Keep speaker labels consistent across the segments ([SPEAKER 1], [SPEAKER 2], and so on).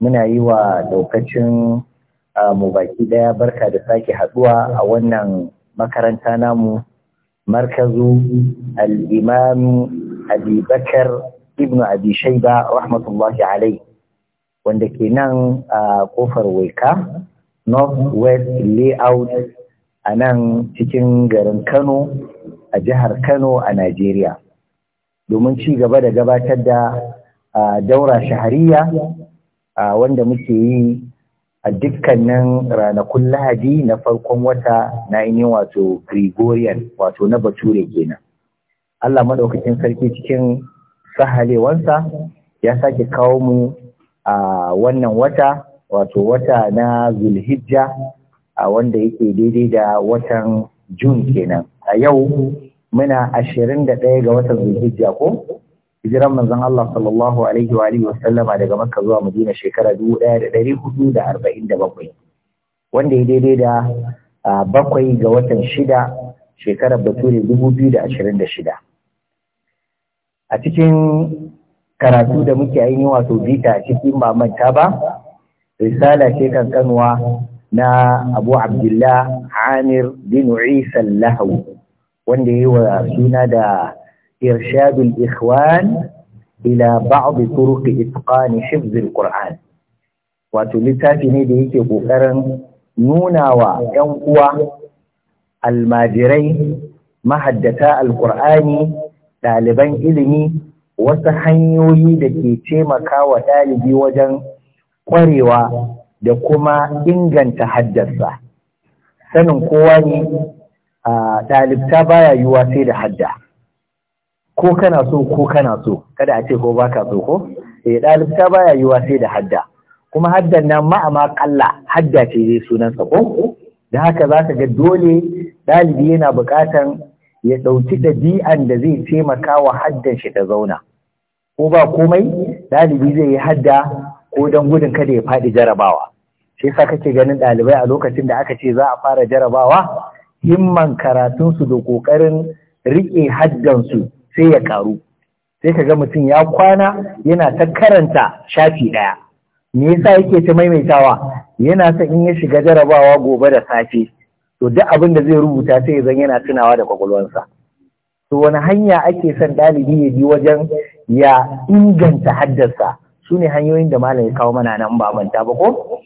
[SPEAKER 1] muna yi wa lokacin mu baki daya barka da sake haduwa a wannan makaranta namu markazu al-imam Abi Bakar ibn Abi Shayba rahmatullahi alayhi wanda ke nan a kofar Waika North West Layout a nan cikin garin Kano a jihar Kano a Najeriya domin ci gaba da gabatar da daura shahariya a wanda muke yi a dukkanin ranakun lahadi na farkon wata na ainihin wato gregorian wato na bature kenan allah maɗaukakin sarki cikin sahalewansa ya sake kawo mu a wannan wata wato wata na zulhijja a wanda yake daidai da watan jun kenan a yau muna ashirin da ɗaya ga watan zulhijja ko hijiran manzon Allah sallallahu alaihi wa alihi wasallama daga Makka zuwa Madina shekara 1447 wanda ya daidai da bakwai ga watan shida shekarar Bature 2026 a cikin karatu da muke ainihin wato bita a cikin mamanta ba risala ce kan kanwa na Abu Abdullah Amir bin Isa lahau wanda yi wa suna da إرشاد الإخوان إلى بعض طرق إتقان حفظ القرآن littafi ne da yake ƙoƙarin nuna wa ‘yan uwa almajirai mahaddata alƙur'ani ɗaliban ilimi wasu hanyoyi da ke taimaka wa ɗalibi wajen
[SPEAKER 2] ƙwarewa
[SPEAKER 1] da kuma inganta haddarsa sanin kowa ne ɗalibta baya yiwuwa sai da hadda ko kana so ko kana so kada a ce ko baka so ko eh ta baya yiwa sai da hadda kuma haddan nan amma kalla hadda ce dai sunan sa ko da haka zaka ga dole dalibi yana buƙatan ya dauki bi'an da zai taimaka wa haddan shi ta zauna ko ba komai dalibi zai yi hadda ko dan gudun kada ya faɗi jarabawa shi yasa kake ganin dalibai a lokacin da aka ce za a fara jarabawa himman karatunsu da ƙoƙarin riƙe haddansu sai ya karu sai ka ga mutum ya kwana yana ta karanta shafi ɗaya me yasa yake ta maimaitawa yana sa in ya shiga jarabawa gobe da safe to duk abin da zai rubuta sai ya zan yana tunawa da kwakwalwansa to wani hanya ake son ɗalibi ya bi wajen ya inganta haddarsa su ne hanyoyin da malam ya kawo mana nan ba manta ba ko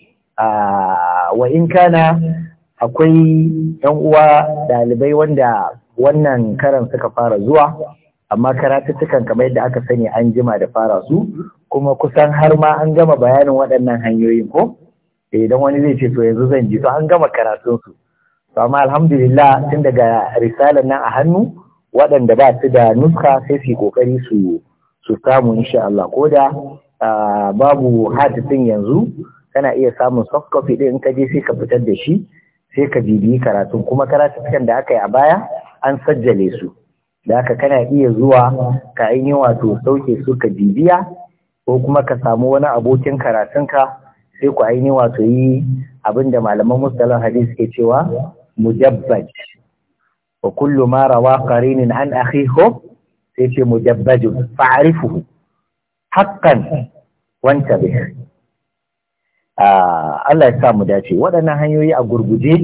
[SPEAKER 1] wa in kana akwai ɗan uwa ɗalibai wanda wannan karan suka fara zuwa amma karatuttukan kamar yadda aka sani an jima da fara su kuma kusan har ma an gama bayanin waɗannan hanyoyin ko idan eh, wani zai ce to yanzu zan ji to an gama karatun su to amma alhamdulillah tun daga risalar nan a hannu waɗanda ba su da nuska sai su yi kokari su su samu insha Allah ko da babu hadisin yanzu kana iya samun soft copy din in ka je sai ka fitar da shi sai ka bibiyi karatun kuma karatun da aka yi a baya an sajjale su da haka kana iya zuwa ka ainihin wato sauke su ka bibiya ko kuma ka samu wani abokin karatunka sai ku ainihin wato yi abinda malaman musallan hadis ke cewa mujabbaj wa kullu ma rawa qarinin an akhihi sai ce mujabbaj fa'rifuhu haqqan wanta bih ah, Allah ya sa mu dace waɗannan hanyoyi a gurguje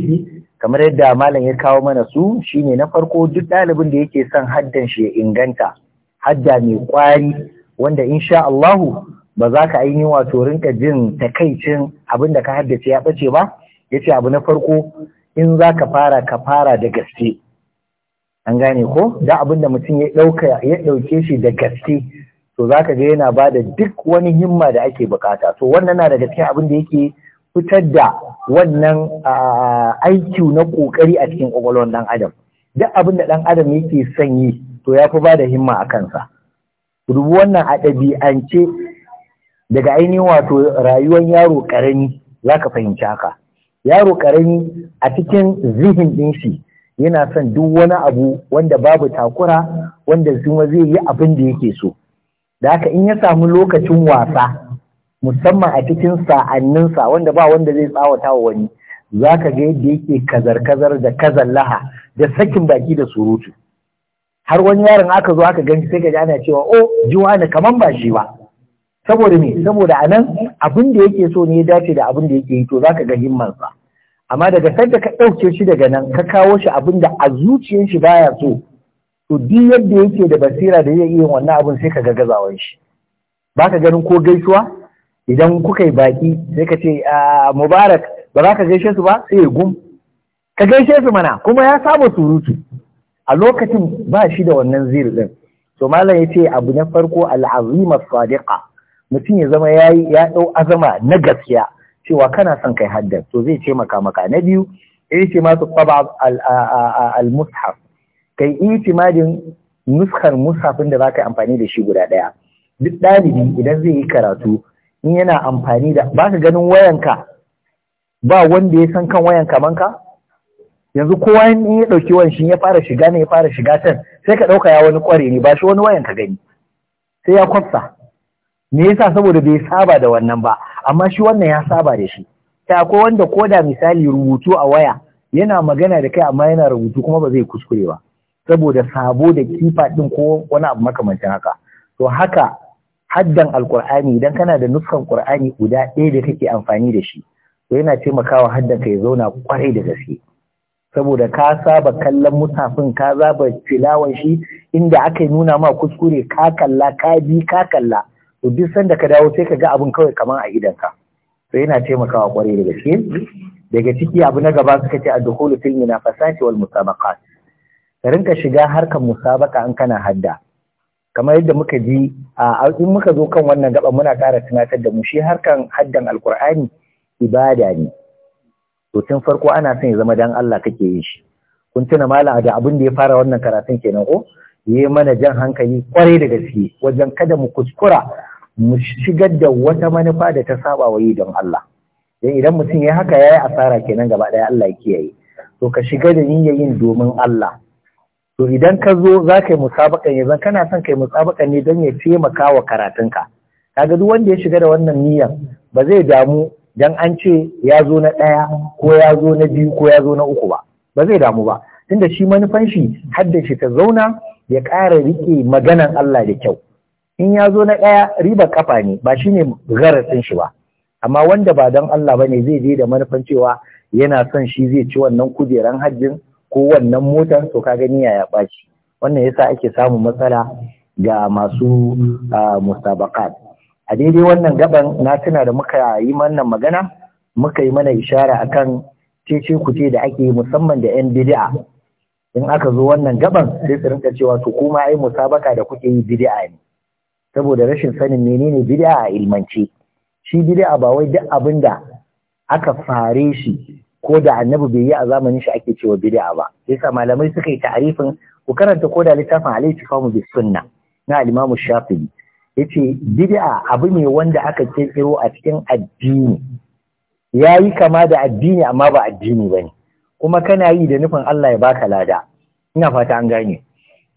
[SPEAKER 1] kamar yadda malam ya kawo mana su shine na farko duk ɗalibin da yake son haddan shi ya inganta hadda mai kwari wanda insha Allahu ba za ka ainihin wato rinka jin takaicin abin da ka haddace ya ɓace ba Ya ce abu na farko in za ka fara ka fara da gaske an gane ko da abin da mutum ya ɗauke shi da gaske to za ka ga yana ba da duk wani himma da ake bukata to wannan na daga cikin abin da yake fitar da wannan aiki na ƙoƙari a cikin ƙwaƙwalwar ɗan adam duk abin da ɗan adam yake sanyi to ya fi ba da himma a kansa rubu wannan a ɗabi'ance daga ainihin wato rayuwar yaro ƙarami za ka fahimci haka yaro ƙarami a cikin zihin ɗin shi yana son duk wani abu wanda babu takura wanda zuma zai yi abin da yake so da haka in ya samu lokacin wasa musamman a cikin sa'anninsa wanda ba wanda zai tsawata wa wani za ka ga yadda yake kazar-kazar da kazallaha da sakin baki da surutu har wani yaron aka zo aka ganci sai ka ji ana cewa o oh, jiwa ne kaman ba shi ba saboda me saboda anan abin da yake so ne ya dace da abin da yake yi to za ka ga himmansa amma daga sanda ka ɗauke shi daga nan ka kawo shi abin da a zuciyar shi baya so to duk yadda yake da basira da zai iya wannan abin sai ka ga gazawan shi ba ka ganin ko gaisuwa idan kuka yi baki sai ka ce a ah, mubarak ba za ka gaishe su ba sai gum ka gaishe su mana kuma ya saba surutu a lokacin ba shi da wannan zir din to malam ya ce abu na farko al'azima sadiqa mutum ya zama ya ya dau azama na gaskiya cewa kana son kai haddar to zai ce maka maka na biyu ya ce su taba al-mushaf kai itimadin nuskar mushafin da za ka yi amfani da shi guda ɗaya duk dalibi idan zai yi karatu in yana amfani da ba ka ganin wayanka ba wanda ya san kan wayan kaman ka yanzu kowa in ya ɗauki wayan shi ya fara shiga ne ya fara shiga can sai ka ɗauka ya wani ƙware ne ba shi wani wayan ka gani sai ya kwatsa. me yasa saboda bai saba da wannan ba amma shi wannan ya saba da shi ta akwai wanda koda misali rubutu a waya yana magana da kai amma yana rubutu kuma ba zai kuskure ba saboda sabo da kifa din ko wani abu makamancin haka to haka haddan alkur'ani idan kana da nuskan qur'ani guda ɗaya da kake amfani da shi to yana taimakawa haddan ka ya zauna kwarai da gaske saboda ka saba kallon musafin ka zaba shi inda aka nuna ma kuskure ka kalla ka bi ka kalla to duk sanda ka dawo sai ka ga abin kawai kamar a gidanka to yana taimakawa kwarai da gaske daga ciki abu na gaba suka ce adkhulu fil munafasati wal musabaqat ka rinka shiga harkar musabaqa an kana hadda kamar yadda muka ji a in muka zo kan wannan gaba muna ƙara tunatar da mu shi harkan haddan alkur'ani ibada ne to tun farko ana son ya zama dan Allah kake yin shi kun tuna malam da abin da ya fara wannan karatun kenan ko yayi mana jan hankali kwarai da gaske wajen kada mu kuskura mu shigar da wata manufa da ta saba wa yi don Allah dan idan mutum ya haka yayi asara kenan gaba ɗaya Allah ya kiyaye to ka shiga da niyyar yin domin Allah to idan ka zo za ka yi musabakan yanzu kana son ka yi musabakan ne don ya taimaka wa karatunka kaga duk wanda ya shiga da wannan niyan ba zai damu dan an ce ya zo na ɗaya ko ya zo na biyu ko ya zo na uku ba ba zai damu ba tunda shi manufan shi haddace ta zauna ya ƙara riƙe maganan Allah da kyau in ya zo na ɗaya riba kafa ne ba shi ne garasin shi ba amma wanda ba don Allah ba ne zai je da manufan cewa yana son shi zai ci wannan kujeran hajjin ko wannan motar to ka gani ya ɓaci wannan yasa ake samun matsala ga masu musabakat a daidai wannan gaban na tuna da muka yi wannan magana muka yi mana ishara akan cece kuce da ake musamman da yan bid'a in aka zo wannan gaban sai su rinka cewa to kuma ai musabaka da kuke yi bidi'a ne saboda rashin sanin menene bidi'a a ilmance shi bidi'a ba wai duk abin da aka fare shi ko da annabi bai yi a zamanin shi ake cewa bid'a ba yasa malamai suka yi ta'arifin ku karanta ko da littafin alayhi kawo bi sunna na al imam shafi'i yace bid'a abu ne wanda aka kirkiro a cikin addini yayi kama da addini amma ba addini bane kuma kana yi da nufin Allah ya baka lada ina fata an gane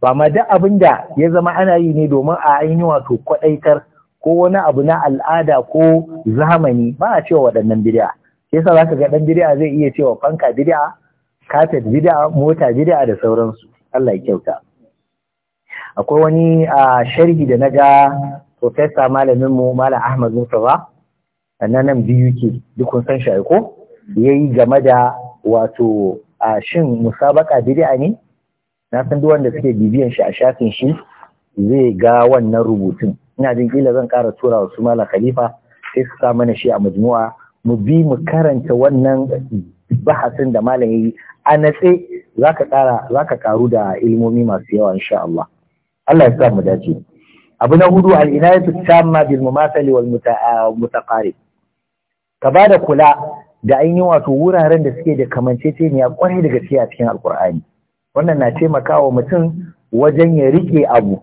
[SPEAKER 1] ba ma duk abin da ya zama ana yi ne domin a ainihin wato kwadaitar ko wani abu na al'ada ko zamani ba a cewa waɗannan bid'a yasa za ka ga ɗan bid'a zai iya cewa fanka bid'a kafet bid'a mota bid'a da sauransu Allah ya kyauta akwai wani a sharhi da na ga professor malamin mu malam Ahmad Mustafa nan nan biyu ke duk kun san shi ko yayi game da wato a shin musabaka bid'a ne na san duk wanda suke bibiyan shi a shafin shi zai ga wannan rubutun ina jin kila zan ƙara tura wa su malam Khalifa sai su sa mana shi a majmu'a mu bi mu karanta wannan bahasin da malam yi a natse za ka karu da ilmomi masu yawa insha Allah Allah ya sa mu dace
[SPEAKER 2] abu na hudu al inayatu
[SPEAKER 1] tamma bil mumathali wal mutaqarib ka bada kula da ainihin wato wuraren da suke da kamanceceniya kwarai da gaske a cikin alkur'ani wannan na taimakawa mutum wajen ya rike abu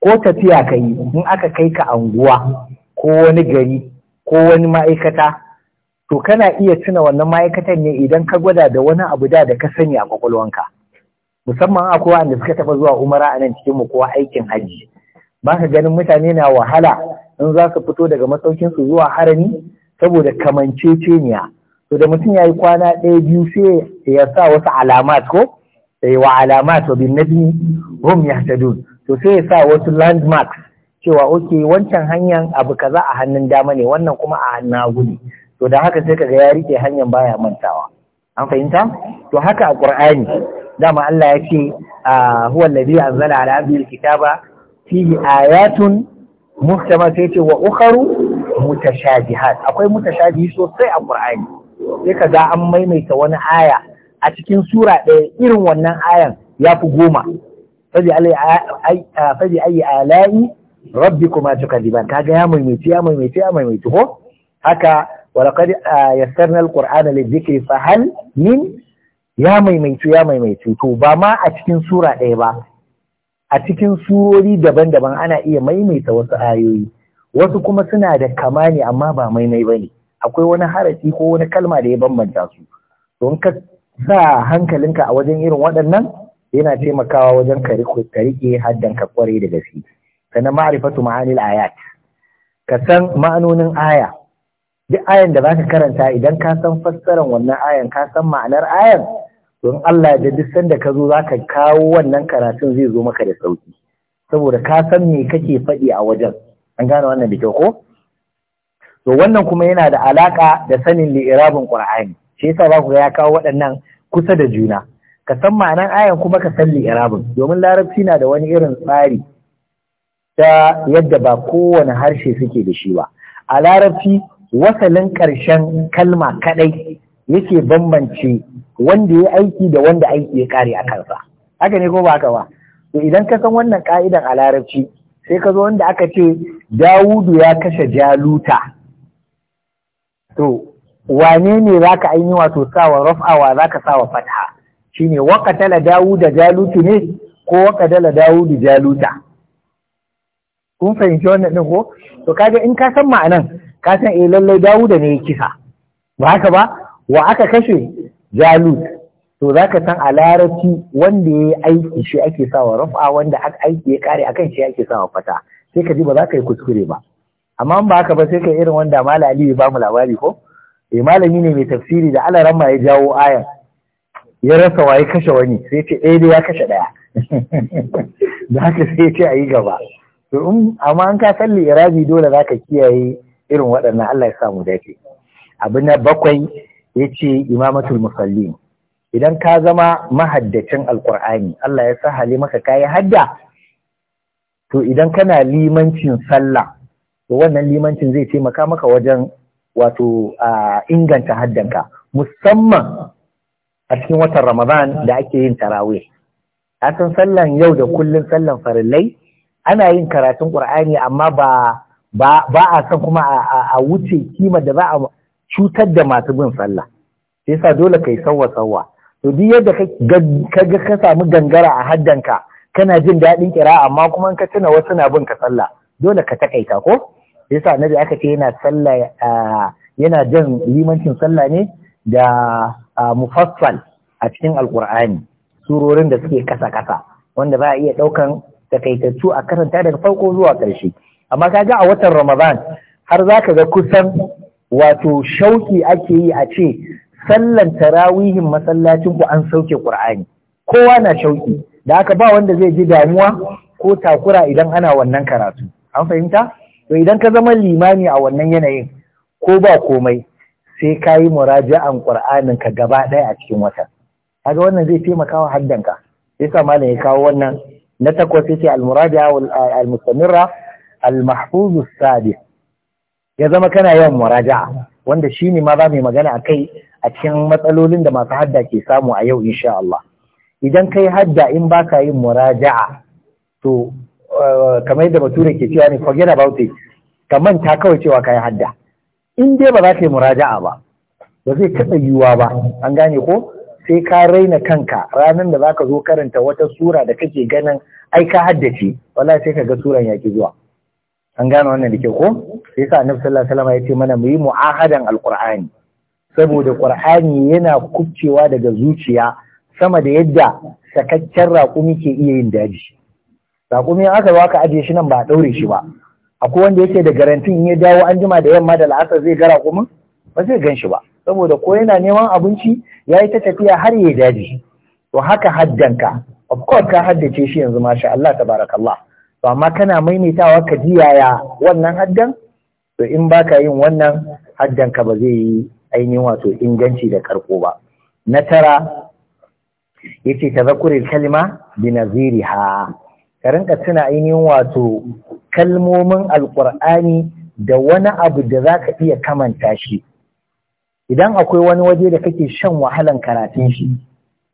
[SPEAKER 1] ko tafiya ka yi in aka kai ka anguwa ko wani gari ko wani ma'aikata to kana iya tuna wannan ma'aikatan ne idan ka gwada da wani abu da da ka sani a kwakwalwanka musamman akwai wanda suka taba zuwa umara a nan cikin mu ko aikin hajji ba ka ganin mutane na wahala in za su fito daga masaukin su zuwa harami saboda kamanceceniya to da mutum ya yi kwana ɗaya biyu sai ya sa wasu alamat ko eh, wa alamat wa bin nabi hum yahtadun to sai ya sa wasu landmarks cewa oke wancan hanyar abu kaza a hannun dama ne wannan kuma a hannun hagu ne to da haka sai kaga ya rike hanyar baya mantawa an fahimta to haka a qur'ani dama Allah ya ce ah, huwa allazi anzala ala abdil kitaba fihi ayatun muhtama sai ce wa ukharu mutashabihat akwai mutashabihi sosai a qur'ani sai kaga an maimaita wani aya a cikin sura ɗaya irin wannan ayan ya fi goma faji ayi ala'i rabbi kuma tuka kaga ya maimaitu ya maimaitu ya maimaitu ko haka ولقد يسرنا القران للذكر فهل من ya ميميتو يا ميميتو تو ba ma a cikin sura ɗaya ba a cikin surori daban-daban ana iya maimaita wasu ayoyi wasu kuma suna da kamani amma ba maimai bane akwai wani harafi ko wani kalma da ya bambanta su don ka sa hankalinka a wajen irin waɗannan yana taimakawa wajen ka riƙe ka kware da gaske sannan ma'rifatu ma'anil ayat ka san ma'anonin aya duk ayan da zaka karanta idan ka san fassaran wannan ayan ka san ma'anar ayan don Allah da duk sanda ka zo zaka kawo wannan karatun zai zo maka da sauki saboda ka san me kake faɗi a wajen an gane wannan da kyau ko to wannan kuma yana da alaka da sanin li'irabin qur'ani shi yasa za ku ya kawo waɗannan kusa da juna ka san ma'anar ayan kuma ka san li'irabin domin larabci na da wani irin tsari ta yadda ba kowane harshe suke da shi ba a larabci wasalin ƙarshen kalma kaɗai yake bambance wanda ya aiki da wanda aiki ya ƙare a kansa haka ne ko ba haka ba to idan ka san wannan ƙa'idan a larabci sai ka zo wanda aka ce dawudu ya kashe jaluta to wane ne za ka aini wato sawa raf'awa za ka sawa fatha shine waƙatala dawuda jalutu ne ko waƙatala dawudu jaluta kun fahimci wannan ɗin ko to kaga in ka san ma'anan ka san eh lallai Dawuda ne ya kisa ba haka ba wa aka kashe Jalut to zaka san a larabci wanda ya aiki shi ake sawa rafa wanda aka aiki ya kare akan shi ake sawa fata sai ka ji ba za ka yi kuskure ba amma ba haka ba sai ka irin wanda malami ya ba mu labari ko eh malami ne mai tafsiri da Allah ma ya jawo ayan ya rasa waye kashe wani sai ce eh dai ya kashe daya da haka sai ce a gaba to in amma an ka salli irabi dole za ka kiyaye irin waɗannan Allah ya sa mu dace abu na bakwai ya ce imamatul musalli idan ka zama mahaddacin alƙur'ani Allah ya sa hali maka kayi hadda to idan kana limancin sallah to wannan limancin zai taimaka maka wajen wato inganta haddanka musamman a cikin watan Ramadan da ake yin tarawih. A san sallan yau da kullun sallan farillai ana yin karatun ƙur'ani amma ba ba a san kuma a wuce kima da za a cutar da masu bin sallah sai sa dole kai sawa sawa to duk yadda ka ga ka samu gangara a haddanka kana jin daɗin kira amma kuma ka tuna wasu na bin ka sallah dole ka takaita ko yasa nabi aka ce yana sallah yana jan limancin sallah ne da mufassal a cikin alkur'ani surorin da suke kasa kasa wanda za a iya ɗaukan takaitattu a karanta daga farko zuwa ƙarshe amma kaga a watan ramadan har za ka ga kusan wato shauki ake yi a ce sallan tarawihin masallacin ku an sauke qur'ani kowa na shauki da aka ba wanda zai ji damuwa ko takura idan ana wannan karatu an fahimta to idan ka zama limami a wannan yanayin ko ba komai sai ka yi muraja'an qur'anin ka gaba ɗaya a cikin wata kaga wannan zai taimakawa haddanka yasa malam ya kawo wannan na takwas yake al-muraja'a al-mustamirra al mahfuzu ya zama kana yawan muraja'a wanda shine ma za mu magana kai a cikin matsalolin da masu hadda ke samu a yau insha Allah idan kai hadda in baka yin muraja'a to eh, kamar yadda bature ke cewa ne forget about it ka manta kawai cewa ka yi hadda in dai ba za ka yi muraja'a ba ba zai taɓa yiwuwa ba an gane ko sai ka raina kanka ranar da za ka zo karanta wata sura da kake ganin ai ka haddace wala sai ka ga suran ya ki zuwa an gane wannan da ke ko sai sa annabi sallallahu alaihi wasallam ya ce mana mu yi mu'ahadan alqur'ani saboda qur'ani yana kubcewa daga zuciya sama da yadda sakaccen raƙumi ke iya yin daji raƙumi in aka zo aka ajiye shi nan ba a ɗaure shi ba akwai wanda yake da garantin in ya dawo an jima da yamma da la'asar zai ga raƙumin ba zai gan shi ba saboda ko yana neman abinci ya yi ta tafiya har ya yi daji to haka haddanka of course ka haddace shi yanzu masha Allah tabarakallah to amma kana maimaitawa ka ji yaya wannan haddan to in baka yin wannan haddan ka ba zai yi ainihin wato inganci da karko ba na tara yace tazakkuril kalima bi ka rinka tuna ainihin wato kalmomin alqur'ani da wani abu da zaka iya kamanta shi idan akwai wani waje da kake shan wahalan karatun shi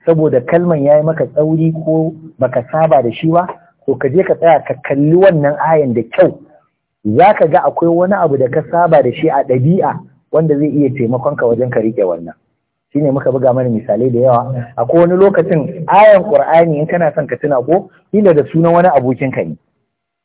[SPEAKER 1] saboda kalman yayi maka tsauri ko baka saba da shi ba Ko ka je ka tsaya ka kalli wannan ayan da kyau za ka ga akwai wani abu da ka saba da shi a ɗabi'a wanda zai iya taimakon ka wajen ka riƙe wannan Shi shine muka buga mana misalai da yawa akwai wani lokacin ayan ƙur'ani in kana son ka tuna ko kila da sunan wani abokin ka ne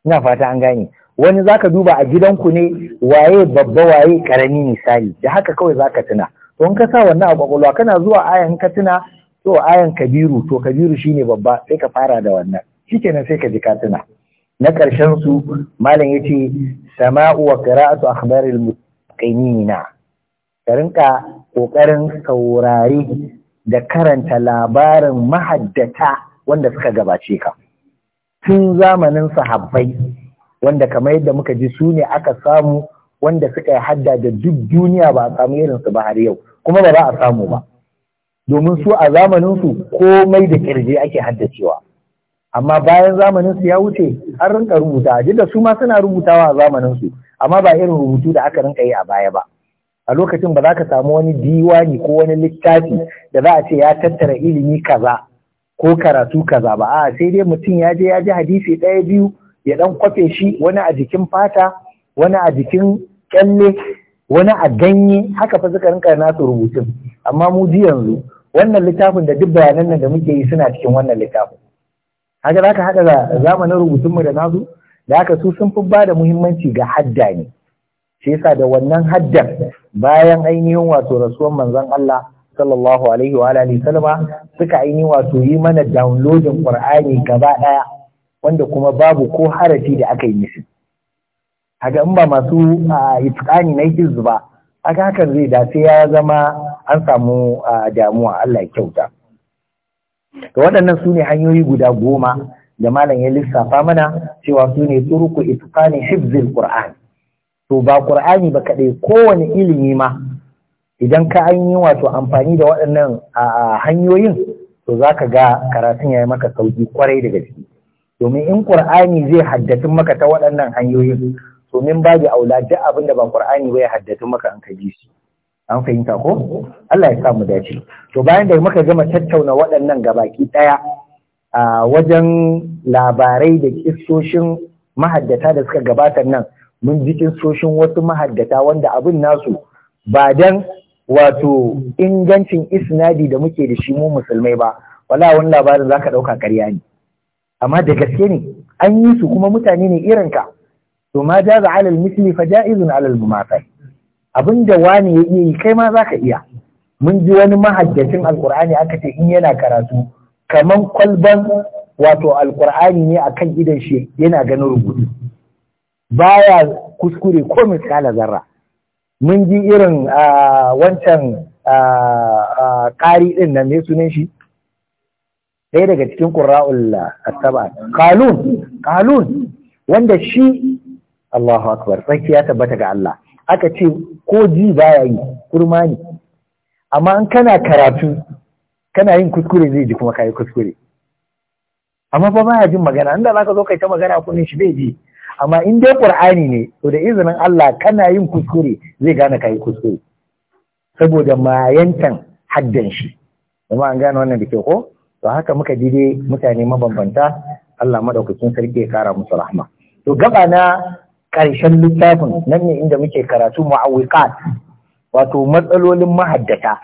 [SPEAKER 1] ina fata an gane wani zaka duba a gidanku ne waye babba waye karami misali da haka kawai zaka tuna to in ka sa wannan a kwakwalwa kana zuwa ayan ka tuna to ayan kabiru to kabiru shine babba sai ka fara da wannan na sai ka ji katuna. na ƙarshen su malam yace sama'u wa qira'atu akhbaril muqinina ka rinka kokarin saurari da karanta labarin mahaddata wanda suka gabace ka tun zamanin sahabbai wanda kamar yadda muka ji su ne aka samu wanda suka yi hadda da duk duniya ba a samu irinsu ba har yau kuma ba za a samu ba domin su a zamanin su, komai da kirje ake haddacewa amma bayan zamanin su ya wuce an rinka rubuta duk da su ma suna rubutawa a zamanin su amma ba irin rubutu da aka rinka yi a baya ba a lokacin ba za ka samu wani diwani ko wani littafi da za a ce ya tattara ilimi kaza ko karatu kaza ba a sai dai mutum ya je ya ji hadisi ɗaya biyu ya ɗan kwafe shi wani a jikin fata wani a jikin kyalle wani a ganye haka fa suka rinka nasu rubutun amma mu ji yanzu wannan littafin da duk bayanan nan da muke yi suna cikin wannan littafin haka za ka haɗa zamanin rubutunmu da nasu da haka su sun fi ba da muhimmanci ga hadda ne shi yasa da wannan haddan bayan ainihin wato rasuwan manzon Allah sallallahu alaihi wa alihi sallama suka aini wato yi mana downloading Qur'ani gaba daya wanda kuma babu ko harafi da aka yi mishi haka in ba masu itqani na hizba haka hakan zai da sai ya zama an samu damuwa Allah ya kyauta ga waɗannan su ne hanyoyi guda goma da malam ya lissafa mana cewa su ne turuku itqani hifzil qur'an to ba qur'ani ba kaɗai kowane ilimi ma idan ka an yi wato amfani da waɗannan hanyoyin to zaka ga karatun yayi maka sauki kwarai da gaske domin in qur'ani zai haddace maka ta waɗannan hanyoyin to min babu aula duk abin da ba qur'ani ba ya haddace maka an ka shi an fahimta ko Allah ya sa mu dace to bayan da muka gama tattauna waɗannan gabaki ɗaya a wajen labarai da kissoshin mahaddata da suka gabatar nan mun ji kissoshin wasu mahaddata wanda abin nasu ba dan wato ingancin isnadi da muke da shi mu musulmai ba wala wani labarin zaka ɗauka ƙarya ne amma da gaske ne an yi su kuma mutane ne irinka to ma jaza alal misli fa jaizun alal mumasal abin da wani ya iya yi kai ma za ka iya mun ji wani mahaddacin alkur'ani aka ce in yana karatu kaman kwalban wato alkur'ani ne a kan idan shi yana ganin rubutu baya kuskure ko misala zarra mun ji irin wancan ƙari ɗin nan me sunan shi ɗaya daga cikin ƙura'ul asaba kalun kalun wanda shi Allahu akbar tsakiya tabbata ga Allah aka ce ko ji baya yi kurma ne amma in kana karatu kana yin kuskure zai ji kuma kayi kuskure amma ba ya jin magana inda zaka zo kai ta magana kunin shi bai ji amma in dai qur'ani ne to da izinin Allah kana yin kuskure zai gane kayi kuskure saboda mayantan haddan shi amma an gane wannan da ke ko to haka muka ji dai mutane mabambanta Allah madaukakin sarki ya kara musu rahma to gaba na ƙarshen littafin nan ne inda muke karatu ma'awikan wato matsalolin mahaddata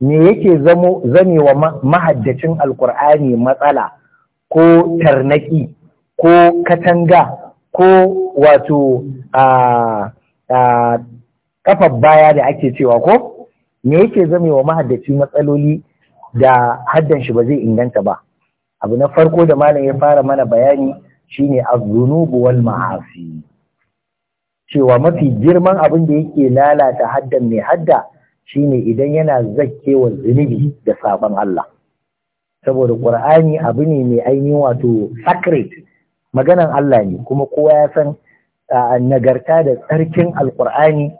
[SPEAKER 1] me yake zamo zamewa mahaddacin alkur'ani matsala ko tarnaki ko katanga ko wato a kafar baya da ake cewa ko me yake zamewa mahaddaci matsaloli da haddan shi ba zai inganta ba abu na farko da malam ya fara mana bayani shine az-zunubu wal ma'asi cewa mafi girman abin da yake lalata haddan mai hadda shine idan yana zakkewa zunubi da sabon Allah saboda Qur'ani abu ne mai ainihin wato sacred maganan Allah ne kuma kowa ya san nagarta da tsarkin alkur'ani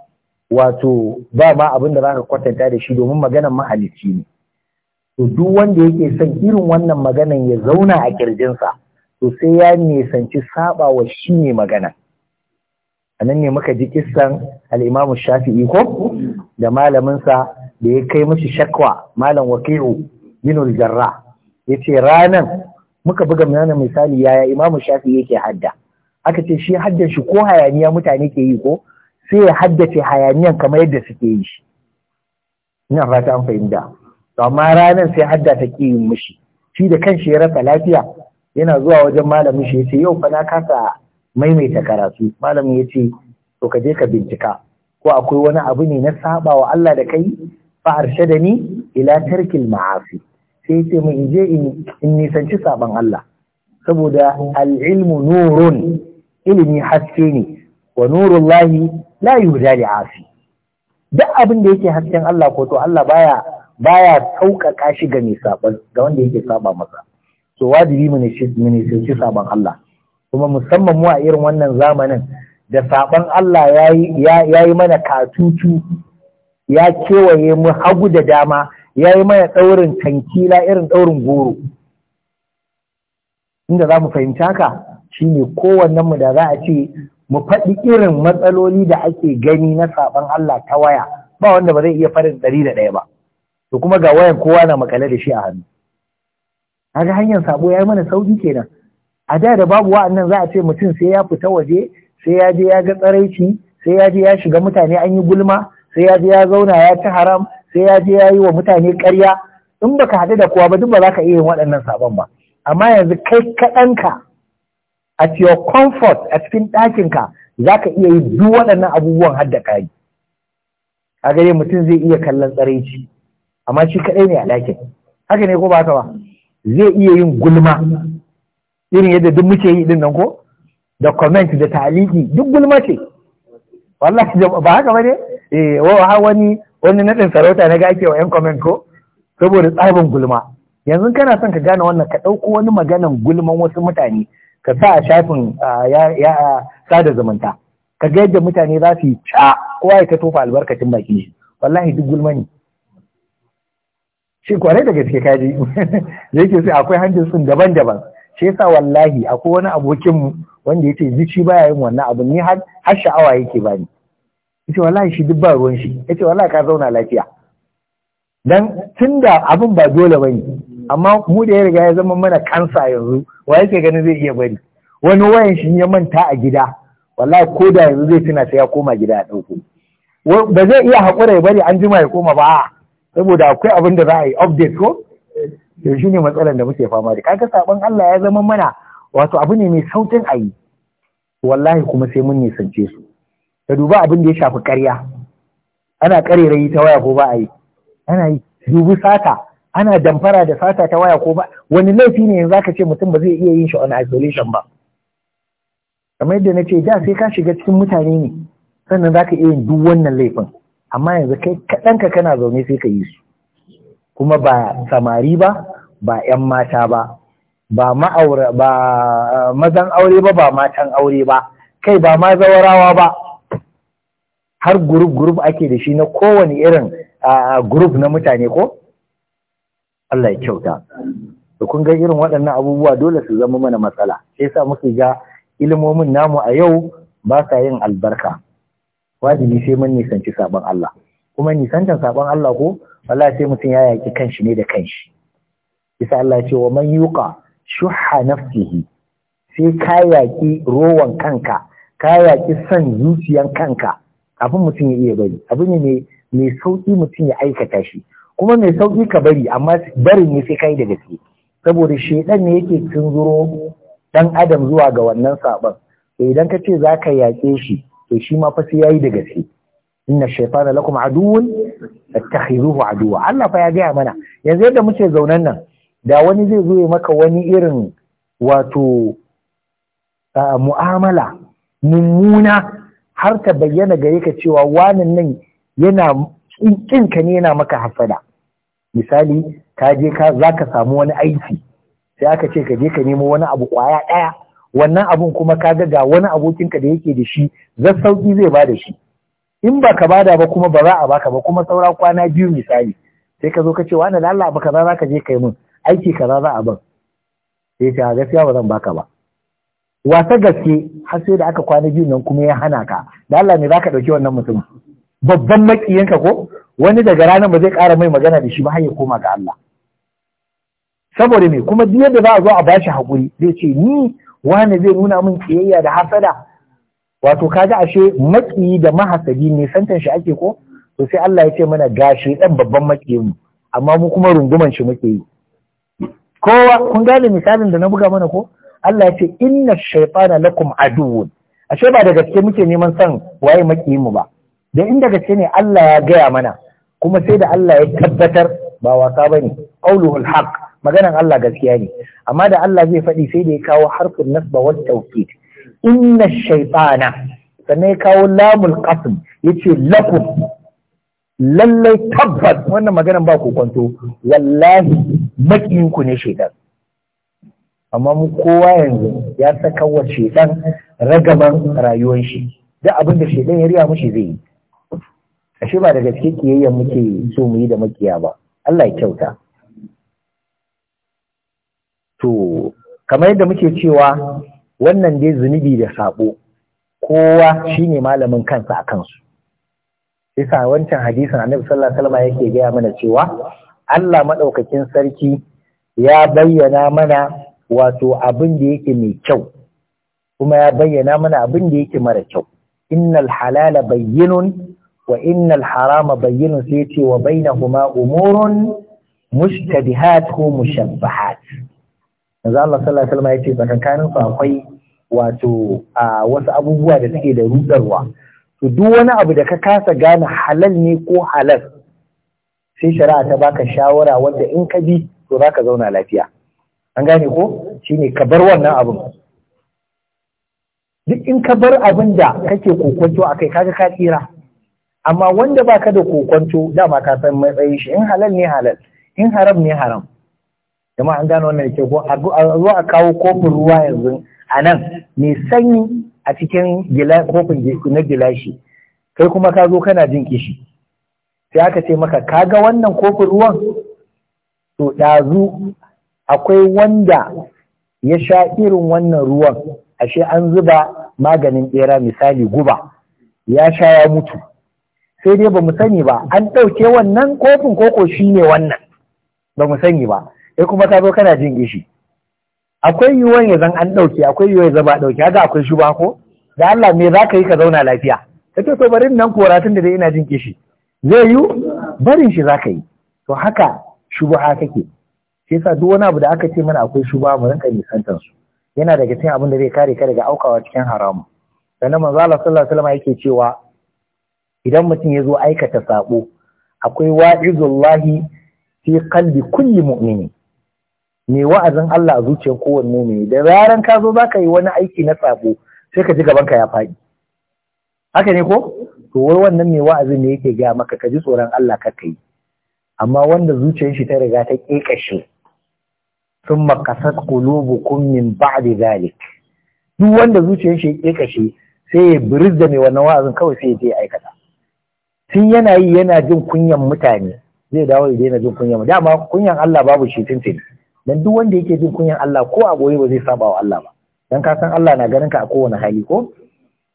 [SPEAKER 1] wato ba ma abin da zaka kwatanta da shi domin maganan mahalicci ne to duk wanda yake son irin wannan maganan ya zauna a kirjinsa to sai ya nisanci saba wa shi ne maganan a nan ne muka ji kissan al'imamu shafi'i ko da malaminsa da ya kai mashi shakwa malam waki'u binul jarra ya ce ranan muka buga mana misali yaya imamu shafi'i yake hadda aka ce shi haddan shi ko hayaniya mutane ke yi ko sai ya haddace hayaniyan kamar yadda suke yi shi ina fata an fahimta to amma ranar sai hadda ta yin mishi shi da kanshi ya rasa lafiya yana zuwa wajen malamin shi ce yau fa na kasa maimaita karatu malamin ya ce to ka je ka bincika ko akwai wani abu ne na saba wa Allah da kai fa arshadani ila tarkil ma'asi sai yace mu in je in nisanci saban Allah saboda al-ilmu nurun ilimi haske ne wa nurullahi la yudali asi duk abin da yake hasken Allah ko to Allah baya baya sauƙaƙa shi ga mai saban ga wanda yake saba masa so wajibi mu ne shi saban Allah kuma musamman mu a irin wannan zamanin da saban Allah ya yi mana katutu ya kewaye mu hagu da dama ya yi mana ɗaurin tankila irin ɗaurin goro inda za mu fahimci haka shi ne mu da za a ce mu faɗi irin matsaloli da ake gani na saban Allah ta waya ba wanda ba zai iya farin ɗari da ɗaya ba to kuma ga wayan kowa na makale da shi a hannu Haka hanyar sabo ya yi mana sauki kenan a da da babu wa'annan za a ce mutum sai ya fita waje sai ya je ya ga tsaraici sai ya je ya shiga mutane an yi gulma sai ya je ya zauna ya ci haram sai ya je ya yi wa mutane karya. in baka haɗu da kowa ba duk ba za ka iya yin waɗannan sabon ba amma yanzu kai kaɗanka at your comfort a cikin ɗakinka za ka iya yi duk waɗannan abubuwan har da kayi. a gare mutum zai iya kallon tsaraici amma shi kaɗai ne a ɗakin haka ne ko ba haka ba zai iya yin gulma irin yadda duk muke yi din nan ko da comment da taliki duk gulma ce wallahi ba haka ba ne eh wa ha wani wani nadin sarauta na ga ake wa yan comment ko saboda tsabin gulma yanzu kana son ka gane wannan ka ɗauko wani maganan gulman wasu mutane ka sa a shafin ya sada zumunta ka ga yadda mutane za su yi ca kowa ya ta tofa albarkacin baki ne wallahi duk gulma ne shi kwarai da gaske kaji yake sai akwai hanjin sun daban-daban shi yasa wallahi akwai wani abokin mu wanda yace zici baya yin wannan abu ni har har sha'awa yake bani yace wallahi shi duk ba ruwan shi yace wallahi ka zauna lafiya dan tunda abin ba dole bane amma mu da ya riga ya zama mana kansa yanzu wa yake ganin zai iya bari wani wayan shi ya manta a gida wallahi ko da yanzu zai tuna sai ya koma gida ya dauko ba zai iya hakura ya bari an jima ya koma ba saboda akwai abin da za a yi update ko yau ne matsalar da muke fama da kaga sabon Allah ya zama mana wato abu ne mai sautin ayi wallahi kuma sai mun nisance su ka duba abin da ya shafi ƙarya ana ƙarerayi ta waya ko ba a yi ana yi dubu sata ana damfara da sata ta waya ko ba wani laifi ne yanzu aka ce mutum ba zai iya yin shi on isolation ba kamar yadda na ce da sai ka shiga cikin mutane ne sannan za ka iya yin duk wannan laifin amma yanzu kai kaɗan ka kana zaune sai ka yi su kuma ba samari ba ba 'yan mata ba ba mazan aure ba ba matan aure ba kai ba ma zawarawa ba har gurub-gurub ake da shi na kowane irin gurub na mutane ko Allah ya kyauta da kun ga irin waɗannan abubuwa dole su zama mana matsala sai sa muka ga ilimomin namu a yau ba sa yin albarka wajibi sai mun nisanci sabon Allah kuma nisancin sabon Allah ko Wala sai mutum ya yaki kanshi ne da kanshi Isa Allah ce wa man yuqa shuhha nafsihi sai ka yaki rowan kanka ka yaki san zuciyan kanka abin mutum ya iya bari abu ne mai sauki mutum ya aikata shi kuma mai sauki ka bari amma barin ne sai kai da gaske saboda shedan ne yake tunzuro dan adam zuwa ga wannan sabon to idan ka ce zaka yake shi to shi ma fa sai yayi da gaske inna shaytana lakum aduwwun attakhizuhu aduwa Allah fa ya gaya mana yanzu yadda muke zaunan nan da wani zai zo maka wani irin wato mu'amala mummuna har ta bayyana gare ka cewa wanan nan yana ka ne yana maka hasada misali ka je ka zaka samu wani aiki sai aka ce ka je ka nemo wani abu kwaya daya wannan abun kuma ka ga wani abokinka da yake da shi sauki zai ba da shi in ba ka bada ba kuma ba za a baka ba kuma saura kwana biyu misali sai ka zo ka ce wani lalla ba kaza za ka je kai mun aiki kaza za a ban sai ce gaskiya ba zan baka ba wasa gaske har sai da aka kwana biyu nan kuma ya hana ka da ne za ka ɗauki wannan mutum babban makiyanka ko wani daga ranar ba zai ƙara mai magana da shi ba har ya koma ga Allah saboda me kuma duk yadda za a zo a bashi hakuri? zai ce ni wani zai nuna min kiyayya da hasada wato kaga ashe maƙiyi da mahasabi ne santan shi ake ko to sai Allah ya ce mana gashi dan babban makiyin mu amma mu kuma runguman shi muke yi kowa kun gane misalin da na buga mana ko Allah ya ce inna shaytana lakum aduwwun ashe ba da gaske muke neman san waye maƙiyi mu ba da inda gaske ne Allah ya gaya mana kuma sai da Allah ya tabbatar ba wasa bane qauluhul haqq maganan Allah gaskiya ne amma da Allah zai faɗi sai da ya kawo harfin nasba wat tawkid inna shaitana sannan ya kawo lamul qasm yace lakum lallai tabbas wannan maganan ba ku kwanto wallahi makiyin ku ne shaytan amma mu kowa yanzu ya saka wa shaytan ragaman rayuwar shi duk abin da shaytan ya riya mushi zai yi ashe ba da gaske kiyayya muke so mu yi da makiya ba Allah ya kyauta to kamar yadda muke cewa wannan dai zunubi da saɓo kowa shine malamin kansa a kansu isa wancan hadisin annabi sallallahu alaihi wasallam yake gaya mana cewa Allah madaukakin sarki ya bayyana mana wato abin da yake mai kyau kuma ya bayyana mana abin da yake mara kyau innal halala bayyinun wa innal harama bayyinun sai ce wa bainahuma umurun mushtabihat ko mushabbahat yanzu Allah sallallahu alaihi wasallam yace tsakankanin su akwai wato a wasu abubuwa da suke da rudarwa to duk wani abu da ka kasa gane halal ne ko halal sai shari'a ta baka shawara wanda in ka bi to zaka zauna lafiya an gane ko shine ka bar wannan abun duk in ka bar abin da kake kokonto kai kaga ka tsira amma wanda baka da kokonto dama ka san matsayin shi in halal ne halal in haram ne haram jama'a an gano wannan ke ko a zo a kawo kofin ruwa yanzu a nan mai sanyi a cikin kofin na gilashi kai kuma ka zo kana jin kishi sai aka ce maka ka ga wannan kofin ruwan to ɗazu akwai wanda ya sha irin wannan ruwan ashe an zuba maganin ɓera misali guba ya sha ya mutu sai dai ba mu sani ba an ɗauke wannan kofin koko shi ne wannan ba mu sani ba sai kuma ka zo kana jin gishi akwai yiwuwan ya zan an ɗauke akwai yiwuwar ya zama ɗauke haka akwai shuba ko da Allah me za ka yi ka zauna lafiya kace to bari nan kora tun da dai ina jin kishi zai yiwu barin shi za ka yi to haka shubuha kake sai sa duk wani abu da aka ce mana akwai shubuha mu rinka nisantar su yana daga cikin abin da zai kare ka daga aukawa cikin haramu sannan manzo Allah sallallahu alaihi wasallam yake cewa idan mutum ya zo aikata saɓo, akwai wa'izullahi fi qalbi kulli mu'mini mai wa'azin Allah a zuciyar kowanne ne da zaran ka zo za ka yi wani aiki na sabo sai ka ji gabanka ya faɗi haka ne ko to wai wannan mai wa'azin ne yake gaya maka ka ji tsoron Allah ka kai amma wanda zuciyar shi ta riga ta kekashe sun makasar qulubukum min ba'di zalik duk wanda zuciyar shi ya kekashe sai ya biriz da mai wannan wa'azin kawai sai ya je aikata tun yana yi yana jin kunyan mutane zai dawo ya daina jin kunyan dama kunyan Allah babu shi tuntuni dan duk wanda yake jin kunyan Allah ko a goye ba zai saba wa Allah ba dan ka san Allah na ganin ka a kowane hali ko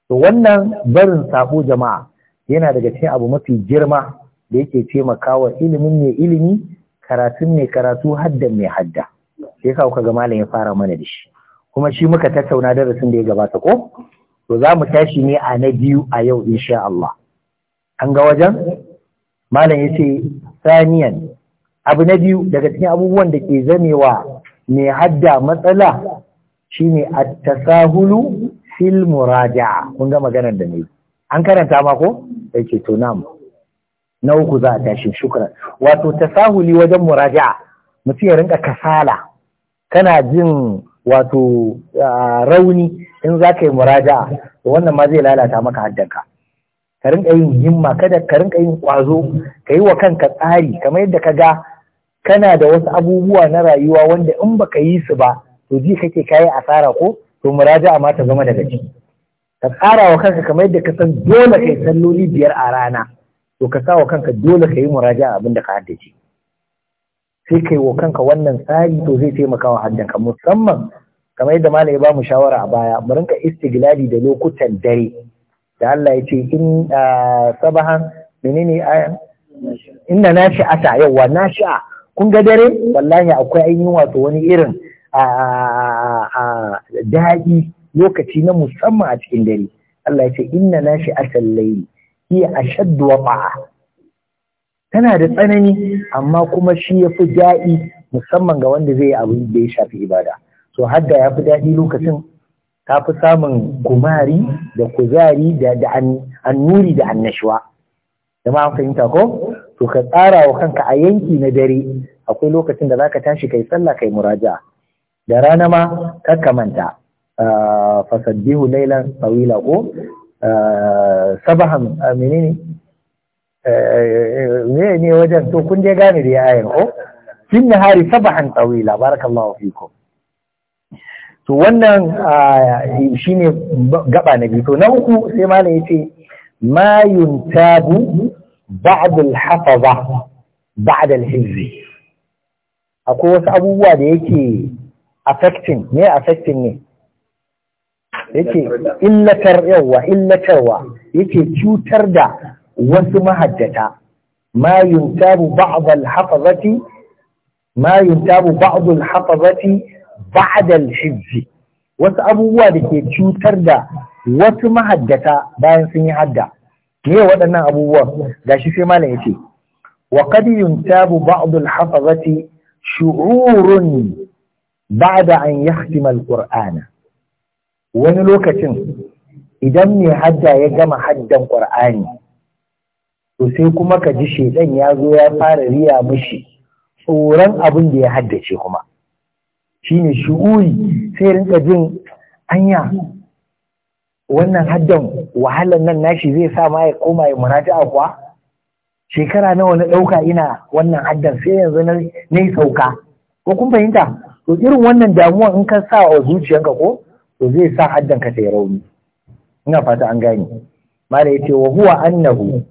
[SPEAKER 1] to wannan barin sabo jama'a yana daga cikin abu mafi girma da yake taimakawa ilimin ne ilimi karatu ne karatu haddan mai hadda sai ka ga malam ya fara mana da shi kuma shi muka tattauna darasin da ya gabata ko to za mu tashi ne a na biyu a yau insha Allah an ga wajen malam yace saniyan abu na biyu daga cikin abubuwan da ke zamewa mai hadda matsala shi ne a tasahulu fil muraja'a kun ga maganar da ne an karanta ma ko yake to nam na uku za a tashi shukran wato tasahuli wajen muraja'a mutum ya rinka kasala kana jin wato rauni in za ka yi muraja'a to wannan ma zai lalata maka haddanka ka rinka yin himma kada ka rinka yin kwazo ka yi wa kanka tsari kamar yadda ka ga kana da wasu abubuwa na rayuwa wanda in baka yi su ba to ji kake kayi asara ko to muraja'a ma ta zama daga ciki ka tsara wa kanka kamar yadda ka san dole kai salloli biyar a rana to ka sa wa kanka dole ka yi muraja'a abin da ka haddace sai kai wa kanka wannan tsari to zai taimaka wa haddanka musamman kamar yadda malam ya bamu shawara a baya mu rinka istiglali da lokutan dare da Allah ya ce in ah, sabahan menene ayan ah, inna nashi'ata yawa nashi'a kun ga dare wallahi akwai ainihin wato wani irin a daɗi lokaci na musamman a cikin dare Allah ya ce inna nashi asal layli hiya ashaddu waqa tana da tsanani amma kuma shi ya fi daɗi musamman ga wanda zai yi abu da ya shafi ibada so hadda ya fi daɗi lokacin ta fi samun kumari da kuzari da annuri da annashuwa da ma fahimta ko to ka tsara wa kanka a yanki na dare akwai lokacin da za ka tashi kai sallah kai muraja da rana ma kakka manta ah, fasabbihu laylan tawila ko ah, sabahan ah, menene ne eh, eh, ne wajen to kun je gane da ayan ko fin nahari sabahan tawila barakallahu fikum to wannan shine gaba na biyu to na uku sai malam ya yace ma yuntabu ba'd al-hafaza ba'd akwai wasu abubuwa da yake affecting ne affecting ne yake illatar yawa illatarwa yake cutar da wasu mahaddata ma yuntabu ba'd al-hafazati ma yuntabu ba'd al-hafazati wasu abubuwa da ke cutar da wasu mahaddata bayan sun yi hadda me waɗannan abubuwan gashi sai malam yace wa qad yuntabu ba'd al-hafazati shu'urun ba'da an yahtima al-qur'ana wani lokacin idan mai hadda ya gama haddan qur'ani to sai kuma ka ji shedan ya zo ya fara riya mishi tsoron abin da ya haddace kuma shine shu'uri sai rinka jin anya wannan haddan wahalan nan nashi zai sa ma ya koma ya a kuwa shekara nawa na ɗauka ina wannan haddan sai yanzu na ne sauka ko kun fahimta to irin wannan damuwa in ka sa a zuciyarka ko to zai sa haddan ka tayi rauni ina fata an gane mala yace wa huwa annahu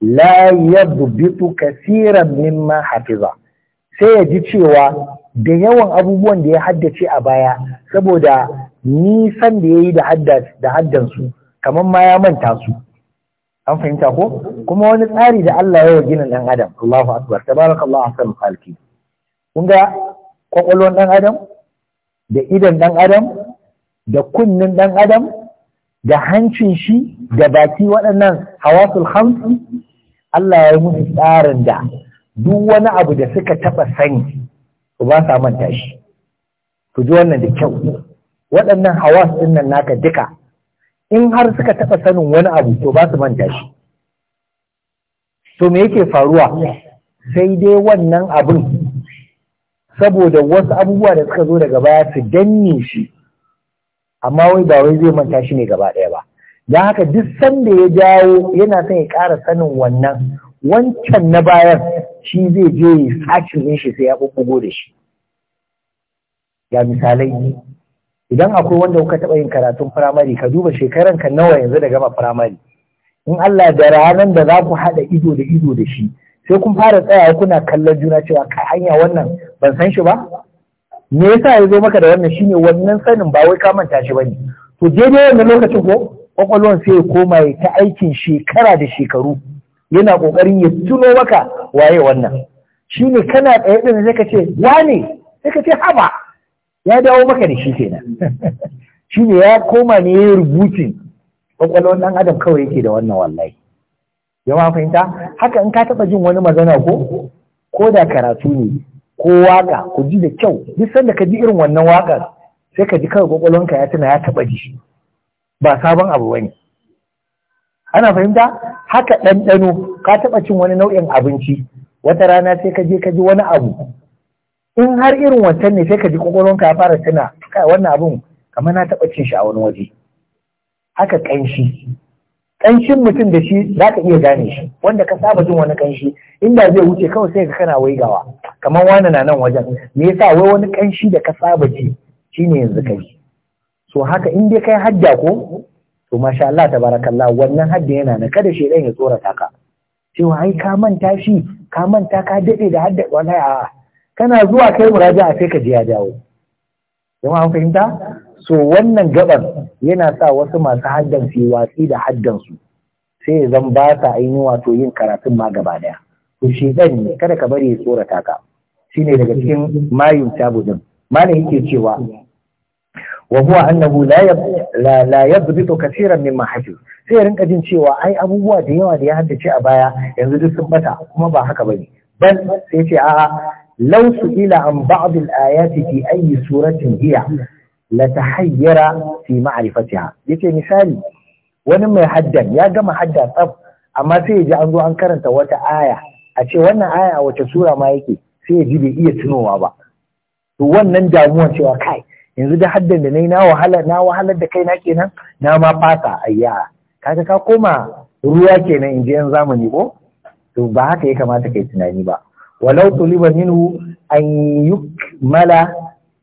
[SPEAKER 1] la yadbitu kaseeran mimma hafiza sai ya ji cewa da yawan abubuwan da ya haddace a baya saboda nisan da ya yi da haddansu kamar ma ya manta su an fahimta ko kuma wani tsari da Allah ya gina ɗan adam Allahu akbar tabarakallahu ahsanul khalqi kun ga kwakwalwar ɗan adam da idan ɗan adam da kunnin ɗan adam da hancin shi da baki waɗannan hawasul hamsin Allah ya yi musu tsarin da duk wani abu da suka taɓa sani su ba sa manta shi ku ji wannan da kyau waɗannan hawas ɗin nan naka duka in har suka taba sanin wani abu to ba su manta shi to me yake faruwa sai dai wannan abin saboda wasu abubuwa da suka zo daga baya su danne shi amma wai ba wai zai manta shi ne gaba ɗaya ba don haka duk sanda ya jawo yana son ya ƙara sanin wannan wancan na bayan shi zai je yi sacin shi sai ya bubbugo da shi ga misalai ne? idan akwai wanda kuka taɓa yin karatun firamare ka duba shekaran ka nawa yanzu da gama firamare in Allah da ranar da za ku haɗa ido da ido da shi sai kun fara tsayawa kuna kallon juna cewa ka hanya wannan ban san shi ba me yasa ya zo maka da wannan Shi ne wannan sanin ba wai ka manta shi ba ne to daidai wannan lokacin ko Ƙwaƙwalwan sai ya koma ya ta aikin shekara da shekaru yana ƙoƙarin ya tuno maka waye wannan Shi ne kana tsaye ɗin sai ka ce ne? sai ka ce haba ya dawo maka da shi kenan ne ya koma ne ya yi rubutun. Ƙwaƙwalwar ɗan adam kawai yake da wannan wallahi yawa fahimta haka in ka taɓa jin wani magana ko ko da karatu ne ko waƙa, ku ji da kyau duk sanda ka ji irin wannan wakar sai ka ji kawai kwakwalwanka ya tuna ya taɓa ji ba sabon abu bane ana fahimta haka ɗanɗano ka taɓa cin wani nau'in abinci wata rana sai ka je ka ji wani abu in har irin wancan ne sai ka ji kwakwalwanka ya fara tuna kai wannan abun kamar na taɓa cin shi a wani waje haka ƙanshi ƙanshin mutum da shi za ka iya gane shi wanda ka saba jin wani ƙanshi inda zai wuce kawai sai ka kana waigawa kamar wani na nan wajen me yasa wai wani ƙanshi da ka saba ji shine yanzu kai so haka in dai kai hajja ko to masha Allah tabarakallah wannan haddi yana na kada shi ya tsorata ka cewa ai ka manta shi ka manta ka dade da hadda wallahi a kana zuwa kai muraja'a sai ka ji ya dawo jama'a an fahimta so wannan gaban yana sa wasu masu haddan su watsi da haddan su sai zan ba sa ainihin wato yin karatun ma gaba daya to shedan ne kada ka bari ya tsorata ka shine daga cikin mayun tabudin din malam yake cewa wa huwa annahu la la la yadbitu kaseeran mimma sai rinka jin cewa ai abubuwa da yawa da ya haddace a baya yanzu duk sun bata kuma ba haka bane bal sai ce a'a law ila an ba'd al-ayati fi ayi suratin hiya latahayyara fi ma'rifatiha yace misali wani mai haddan ya gama hadda tsaf amma sai ya ji an zo an karanta wata aya a ce wannan aya a wace sura ma yake sai ya ji bai iya tunowa ba to wannan damuwan cewa kai yanzu da haddan da na wahala na wahalar da kaina kenan na ma fasa ayya kaga ka koma ruwa kenan in je yan zamani ko to ba haka ya kamata kai tunani ba walau tuliba minhu an yukmala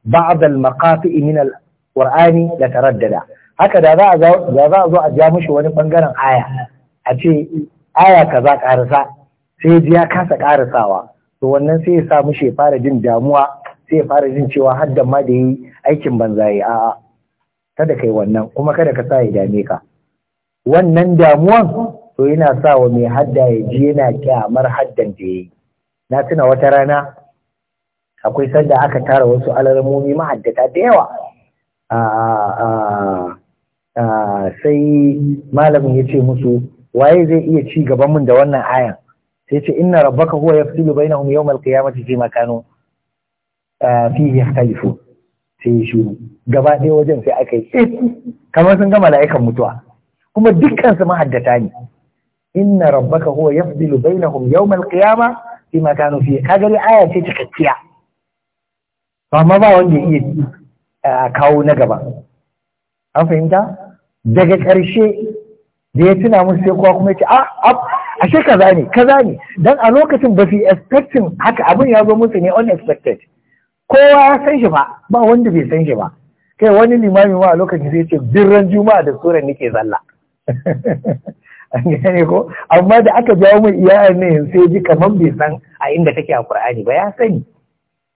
[SPEAKER 1] ba'd al-maqati min al-qur'ani la taraddada haka da za a da za a zo a ja mishi wani bangaren aya a ce aya kaza karasa sai ji ya kasa karasawa to wannan sai ya sa mishi ya fara jin damuwa sai ya fara jin cewa haddan ma da yi aikin banza ya a'a kada kai wannan kuma kada ka sa ya dame ka wannan damuwan to yana sa wa mai hadda ya ji yana kyamar haddan da ya yi na tuna wata rana akwai sanda aka tara wasu alarmomi mahaddata da yawa sai malamin ya ce musu waye zai iya ci gaban mun da wannan ayan sai ce inna rabbaka huwa yafsilu bainahum yawmal qiyamati fi makanu fihi khaifu sai shi gaba ɗaya wajen sai aka yi kamar sun ga mala'ikan mutuwa kuma dukkan su mahaddata ne inna rabbaka huwa yafdilu bainahum yawmal qiyama ma kanu fihi kaga dai aya ce cikakkiya to amma ba wanda ya iya kawo na gaba an fahimta daga ƙarshe da ya tuna musu sai kowa kuma ya ce a ashe kaza ne kaza ne dan a lokacin ba su expecting haka abin ya zo musu ne unexpected kowa ya san shi ba ba wanda bai san shi ba kai wani limami ma a lokacin zai ce birran juma'a da suran nake zalla an gane ko amma da aka jawo mai iyayen ne sai ji kamar bai san a inda take a Qur'ani ba ya sani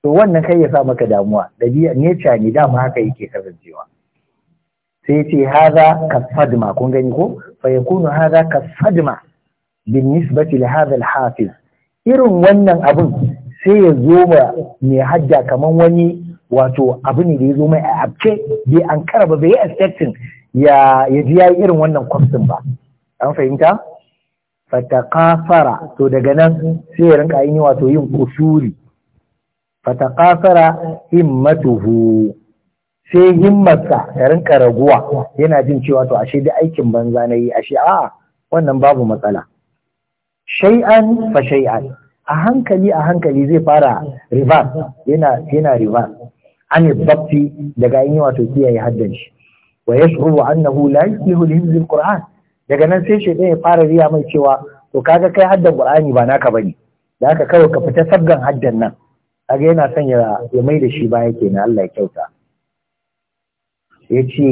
[SPEAKER 1] to wannan kai ya sa maka damuwa dabi'a ne cha ne dama haka yake kasancewa sai ce hadha kafadma kun gani ko fa yakunu hadha kafadma bin nisbati li hadha al-hafiz irin wannan abun sai ya zo ma mai hajja kamar wani wato abu ne da ya zo mai a abce bai an ba bai yi expecting ya ji ya yi irin wannan kwamsin ba an fahimta fatakafara to daga nan sai ya rinka yin wato yin kusuri fatakafara himmatuhu sai himmarsa ya rinka raguwa yana jin cewa to ashe da aikin banza na yi ashe a'a wannan babu matsala Shai'an fa shay'an a hankali a hankali zai fara reverse yana yana reverse an yabbati daga yin wato kiyaye haddan shi wa yashuru annahu la yuslihu li hifz alquran daga nan sai shaytan ya fara riya mai cewa to kaga kai haddan qur'ani ba naka bane da haka kawai ka fita sabgan haddan nan kaga yana son ya ya mai da shi baya kenan Allah ya kyauta yace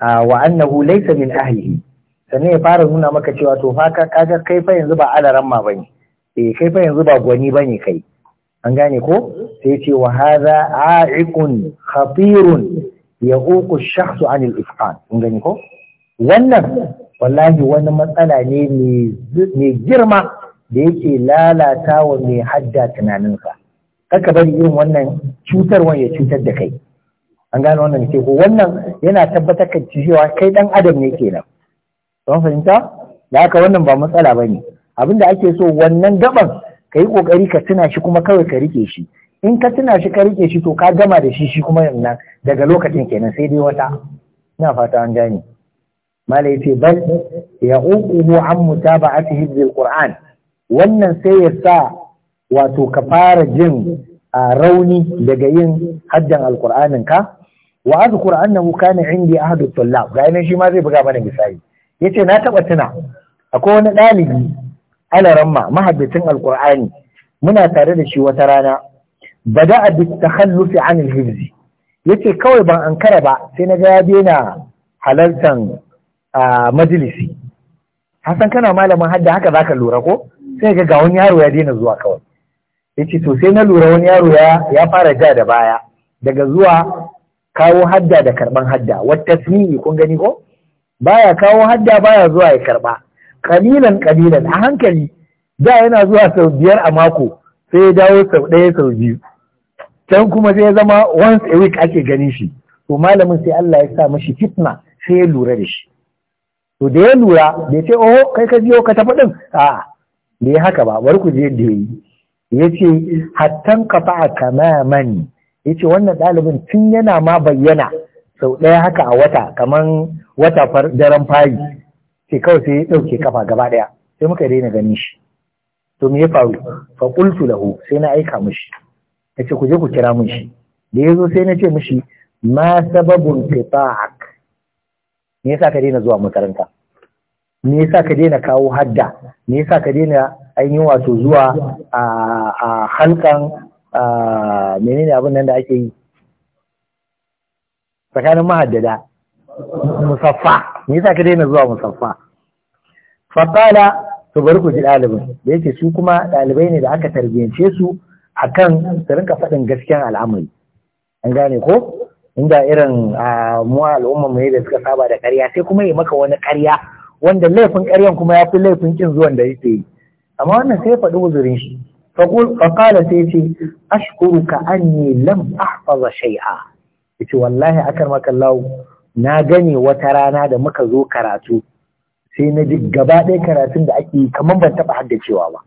[SPEAKER 1] wa annahu laysa min ahlihi sannan ya fara nuna maka cewa to fa kaga kai fa yanzu ba alaran ma bane eh kai fa yanzu ba gwani bane kai an gane ko sai ce wa hadha a'iqun khatirun yaququ ash-shakhsu 'an al-ifqan an gane ko wannan wallahi wani matsala ne mai girma da yake lalata wa mai hadda tunaninsa kaka bari irin wannan cutarwa ya cutar da kai an gane wannan ke ko wannan yana tabbatar ka cewa kai dan adam ne kenan don fahimta da haka wannan ba matsala bane abin da ake so wannan gaban ka yi ƙoƙari ka tuna shi kuma kawai ka rike shi in ka tuna shi ka rike shi to ka gama da shi shi kuma nan daga lokacin kenan sai dai wata ina fata an gane malai ce bal yaququhu an mutaba'atihi bil qur'an wannan sai ya sa wato ka fara jin rauni daga yin haddan alqur'anin ka wa azkur annahu kana indi ahadu tullab ga shi ma zai buga mana misali ce na taɓa tuna akwai wani ɗalibi alaramma mahabbacin alqur'ani muna tare da shi wata rana bada bi takhallufi an alhibzi yace kawai ban ankara ba sai na ga ya daina halartan majalisi hasan kana malamin hadda haka zaka lura ko sai ga ga wani yaro ya daina zuwa kawai yace to sai na lura wani yaro ya ya fara ja da baya daga zuwa kawo hadda da karban hadda wata tasmini kun gani ko baya kawo hadda baya zuwa ya karba kalilan kalilan a hankali da yana zuwa sau biyar a mako sai ya dawo sau ɗaya sau biyu can kuma sai ya zama once a week ake ganin shi to malamin sai Allah ya sa mashi fitna sai ya lura da shi to da ya lura da ya ce oho kai ka jiyo ka tafi din a da ya haka ba bari ku je da ya yi ya ce hattan ka fa'a kamaman ya ce wannan ɗalibin tun yana ma bayyana sau ɗaya haka a wata kaman wata daren fari sai kawai sai ya ɗauke kafa gaba ɗaya sai muka daina ganin shi to me ya faru fa qultu lahu sai na aika mishi nace ku je ku kira mun shi da yazo sai nace mishi ma sababun qita'ak me yasa ka daina zuwa makaranta me yasa ka daina kawo hadda me yasa ka daina ainihin wato zuwa a halkan menene abin nan da ake yi tsakanin mahaddada musaffa me yasa ka daina zuwa musaffa faqala to bari ku ji ɗalibin da yake su kuma ɗalibai ne da aka tarbiyance su akan su rinka faɗin gaskiyan al'amari an gane ko inda irin mu al'umma mu da suka saba da ƙarya sai kuma yi maka wani ƙarya wanda laifin ƙaryan kuma ya fi laifin kin zuwan da yake yi amma wannan sai faɗi uzurin shi faƙala sai ce ashkuruka anni lam ahfaza shay'a yace wallahi akar maka lawu na gane wata rana da muka zo karatu sai na ji gaba ɗaya karatun da ake kamar ban taɓa cewa ba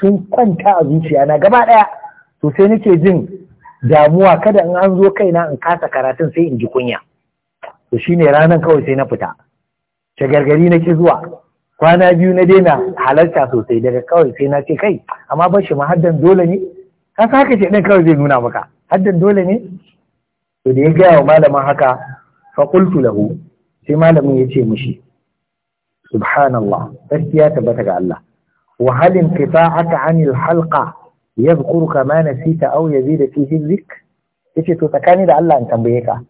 [SPEAKER 1] sun kwanta a zuciya na gaba ɗaya to sai nake jin damuwa kada in an zo kaina in kasa karatun sai in ji kunya to shine ranan kawai sai na fita na nake zuwa kwana biyu na daina halarta sosai daga kawai sai na ce kai amma ba shi haddan dole ne ka haka ce ɗin kawai zai nuna maka haddan dole ne to da ya gaya wa malamin haka fa lahu sai malamin ya ce mishi subhanallah gaskiya tabbata ga Allah wa hal inqita'aka 'anil halqa yadhkuruka ma nasita aw yazida fihi dhikr yace to tsakani da Allah an tambaye ka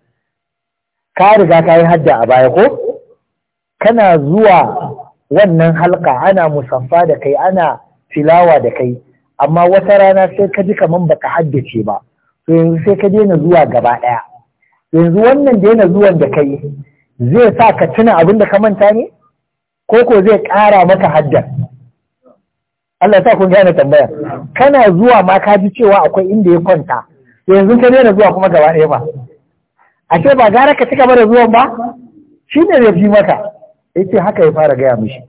[SPEAKER 1] ka riga ka yi hajja a baya ko kana zuwa wannan halka ana musaffa da kai ana tilawa da kai amma wata rana sai ka ji kaman baka haddace ba to yanzu sai ka daina zuwa gaba ɗaya yanzu wannan daina zuwan da kai zai sa ka tuna abin da ka manta ne ko ko zai kara maka hadda Allah ta kun gane tambaya kana zuwa ma ka ji cewa akwai inda ya kwanta yanzu ka daina zuwa kuma gaba ɗaya ba ashe ba gara ka cika da zuwan ba shi ne zai fi maka yace haka ya fara gaya mishi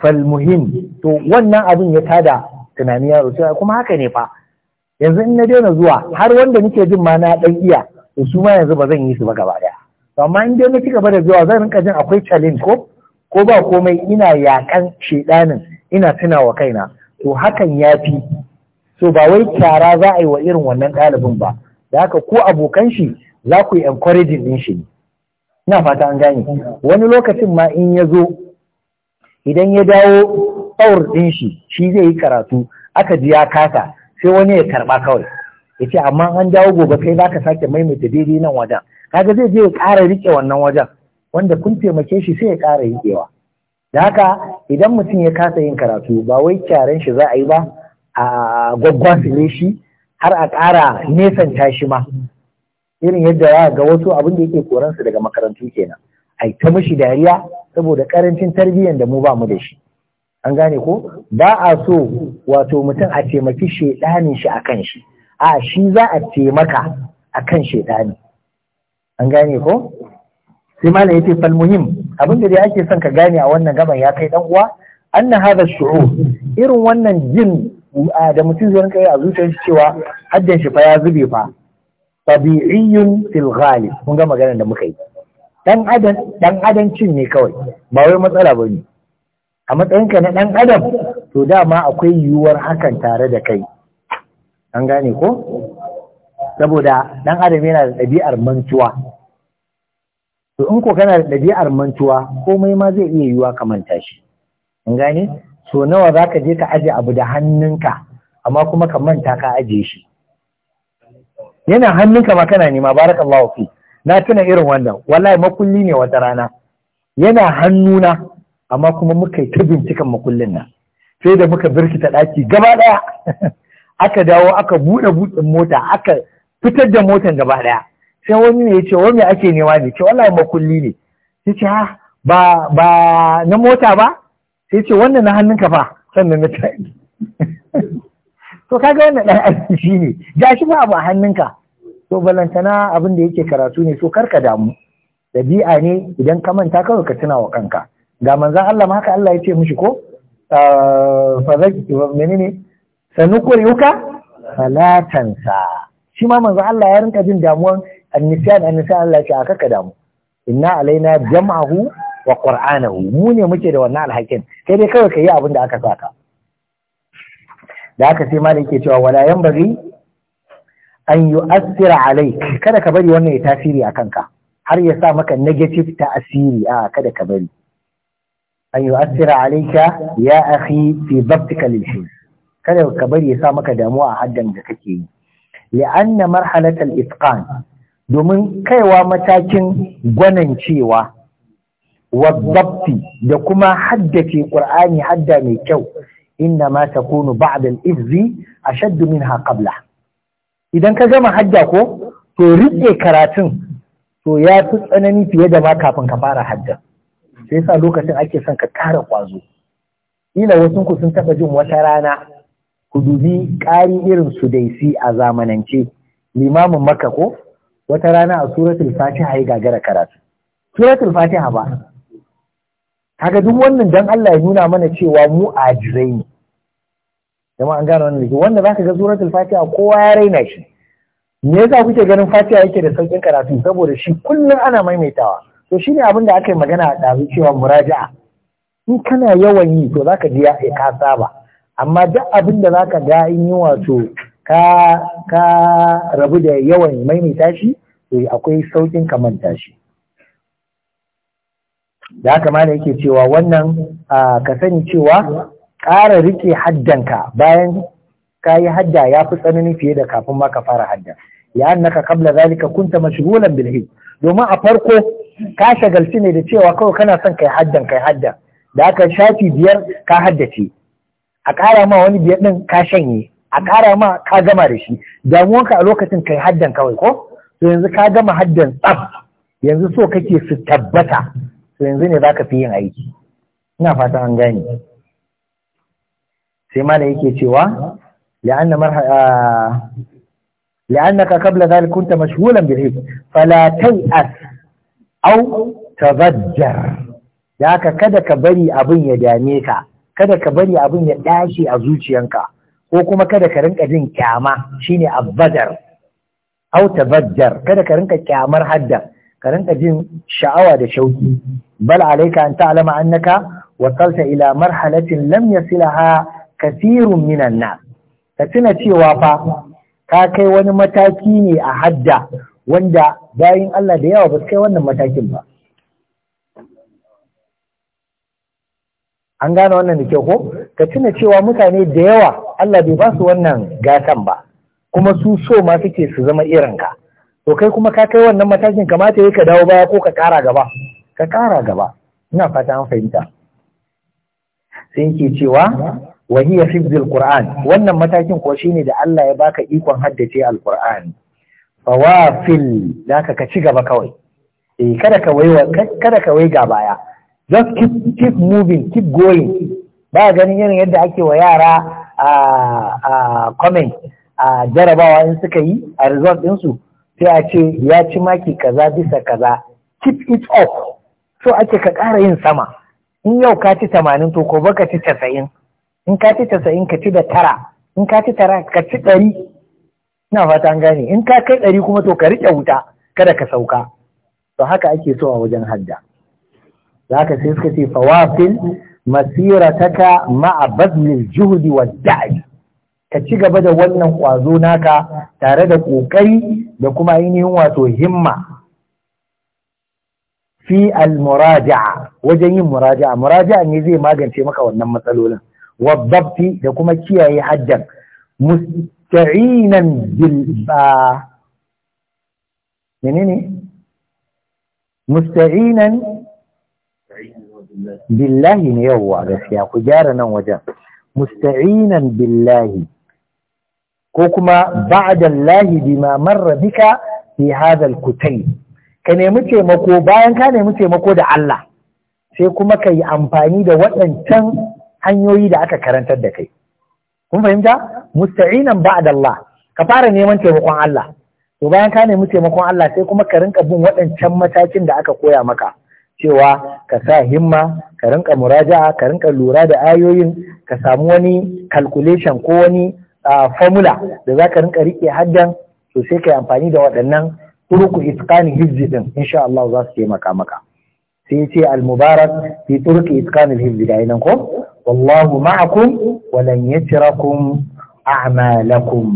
[SPEAKER 1] falmuhim to wannan abin ya tada tunani ya kuma haka ne fa yanzu in na daina zuwa har wanda nake jin ma na dan iya to su ma yanzu ba zan yi su ba gaba daya to amma in dai na ci gaba da zuwa zan rinka jin akwai challenge ko ko ba komai ina yakan shedanin ina tuna wa kaina to hakan ya fi. To ba wai kyara za a yi wa irin wannan ɗalibin ba da haka ko abokan shi za ku yi encouraging din shi ina fata an gane wani lokacin ma in ya zo idan ya dawo tsawar din shi shi zai yi karatu aka ji ya kasa sai wani ya karba kawai ya ce amma an dawo gobe kai za ka sake maimaita daidai nan wajen kaga zai je ya ƙara riƙe wannan wajen wanda kun taimake shi sai ya ƙara riƙewa da haka idan mutum ya kasa yin karatu ba wai kyaran shi za a yi ba a gwaggwasile shi har a ƙara nesanta shi ma irin yadda ya ga wasu abin da yake koransu daga makarantu kenan a ta mishi dariya saboda karancin tarbiyyar da mu ba mu da shi an gane ko ba a so wato mutum a taimaki shi ɗanin shi a kan shi a shi za a taimaka a kan shaidani an gane ko sai malam yace fal muhim abin da dai ake son ka gane a wannan gaban ya kai dan uwa anna hadha irin wannan jin da mutum zai rinka yi a zuciyar shi cewa haddan shi fa ya zube fa tabi'iyyun fil ghalib kun ga maganar da muka yi dan adam dan adam cin ne kawai ba wai matsala bane a matsayinka na dan adam to dama akwai yiwuwar hakan tare da kai an gane ko saboda dan adam yana da ɗabi'ar mantuwa to in ko kana da ɗabi'ar mantuwa komai ma zai iya yiwa ka manta shi an gane so nawa zaka je ka aje abu da hannunka amma kuma ka manta ka aje shi yana hannunka ma kana nema barakallahu fi na tuna irin wannan wallahi makulli ne wata rana yana hannuna amma kuma muka yi ta bincikan makullin nan sai da muka birkita ɗaki gaba ɗaya aka dawo aka buɗe buɗin mota aka fitar da motan gaba daya sai wani ne ya ce wani ake nema ne ce wallahi makulli ne ya ce ha ba ba na mota ba sai ce wannan na hannunka fa sannan na ta to kaga wannan dan aiki shi ne ga shi ba abu a hannunka to balantana abin da yake karatu ne so karka damu dabi'a ne idan ka manta kawai ka tuna wa kanka ga manzon Allah ma haka Allah ya ce mishi ko ah, fa menene sanukuriyuka falatansa shi ma manzo Allah ya rinka jin damuwan annisan annisan Allah ya ce aka ka damu inna alaina jam'ahu wa qur'anahu mu ne muke da wannan alhakin kai dai kawai yi abin da aka saka da aka sai malai ke cewa wala bari an yu'assira alaik kada ka bari wannan ya tasiri a kanka har ya sa maka negative ta'asiri a kada ka bari an yu'assira alayka ya akhi fi dhabtika lil kada ka bari ya sa maka damuwa a haddan da kake yi li'anna marhalatal itqan domin kaiwa matakin gwanancewa wadzabti da kuma haddace qur'ani hadda mai kyau inna ma takunu ba'da al-izzi ashadd minha qabla idan ka gama hadda ko to rike karatun to ya fi tsanani fiye da ma kafin ka fara hadda sai yasa lokacin ake son ka kara kwazo ila wasu ku sun taba jin wata rana ku dubi ƙari irin su daisi a zamanance limamin makka ko wata rana a suratul fatiha ya gagara karatu suratul fatiha ba kaga duk wannan dan Allah ya nuna mana cewa mu ajirai ne jama'a an gane wannan wanda zaka ga suratul fatiha kowa ya raina shi me yasa kuke ganin fatiha yake da saukin karatu saboda shi kullum ana maimaitawa to shine abin da aka yi magana a ɗazu cewa muraja'a in kana yawan yi to zaka ji ya ka saba amma duk abin da zaka ga in yi wato ka ka rabu da yawan maimaita shi to akwai saukin ka manta shi da haka mana yake cewa wannan ka sani cewa ƙara rike haddanka bayan ka yi hadda ya fi tsanani fiye da kafin ma ka fara hadda ya annaka kabla zalika kunta mashghulan bil domin a farko ka shagalci ne da cewa kawai kana son kai haddan kai hadda da haka shafi biyar ka haddace a ƙara ma wani biyar ɗin ka shanye a ƙara ma ka gama da shi damuwanka a lokacin kai haddan kawai ko to yanzu ka gama haddan tsaf yanzu so kake su tabbata to yanzu ne zaka fi yin aiki ina fata an gane sai da yake cewa la'anna marha لأنك قبل ذلك كنت مشغولا بالحفظ فلا تيأس أو تضجر ذاك kada ka bari abin ya dame ka kada ka bari abin ya dace a zuciyanka ko kuma kada ka rinka jin kyama shine abbadar au tabajjar kada ka rinka kyamar hadda ka rinka jin sha'awa da shauki bal alayka an ta'lama annaka wasalta ila marhalatin lam yasilaha kathirun minan nas ka tuna cewa fa ka kai wani mataki ne a hadda wanda bayan Allah da yawa ba kai wannan matakin ba an gane wannan da kyau ko ka tuna cewa mutane da yawa Allah bai ba su wannan gatan ba kuma su so ma suke su zama irin ka to kai kuma ka kai wannan matakin kamata yayi ka dawo baya ko ka kara gaba ka kara gaba ina fata an fahimta sai yake cewa wa hiya hifzul qur'an wannan matakin ko shine da Allah ya baka ikon haddace alqur'ani fawafil zaka ka ci gaba kawai eh kada ka wai kada ka wai ga baya just keep keep moving keep going ba ganin irin yadda ake wa yara a a comment a jarabawa in suka yi a result su sai a ce ya ci maki kaza bisa kaza keep it up so ake ka ƙara yin sama in yau ka ci tamanin to ko baka ci casa'in in ka ci casa'in ka ci da tara in ka ci tara ka ci ɗari ina fata an gane in ka kai ɗari kuma to ka riƙe wuta kada ka sauka to haka ake so a wajen hadda zaka sai suka ce fawafil masirataka ma'a bazlil juhdi wa da'i ka ci gaba da wannan kwazo naka tare da kokari da kuma ainihin wato himma fi al-muraja'a wajen yin muraja'a muraja'a ne zai magance maka wannan matsalolin wabbabti da kuma kiyaye haddan musta'inan bil menene musta'inan billahi ne yawwa gaskiya ku gyara nan wajen musta'inan billahi ko kuma ba'da lahi bima marra bika fi hadha al-kutay ka nemi taimako bayan ka nemi taimako da Allah sai kuma ka yi amfani da waɗancan hanyoyi da aka karantar da kai kun fahimta musta'inan ba'da Allah ka fara neman taimakon Allah to bayan ka nemi taimakon Allah sai kuma ka rinka bin waɗancan matakin da aka koya maka cewa ka sa himma ka rinka muraja'a ka rinka lura da ayoyin ka samu wani calculation ko wani formula da za ka rinka rike haddan to sai ka yi amfani da waɗannan turuku itqani hizbi din insha Allah za su taimaka maka sai ce al-mubarak fi turuki itqani hizbi da nan ko wallahu ma'akum wa lan yatirakum a'malakum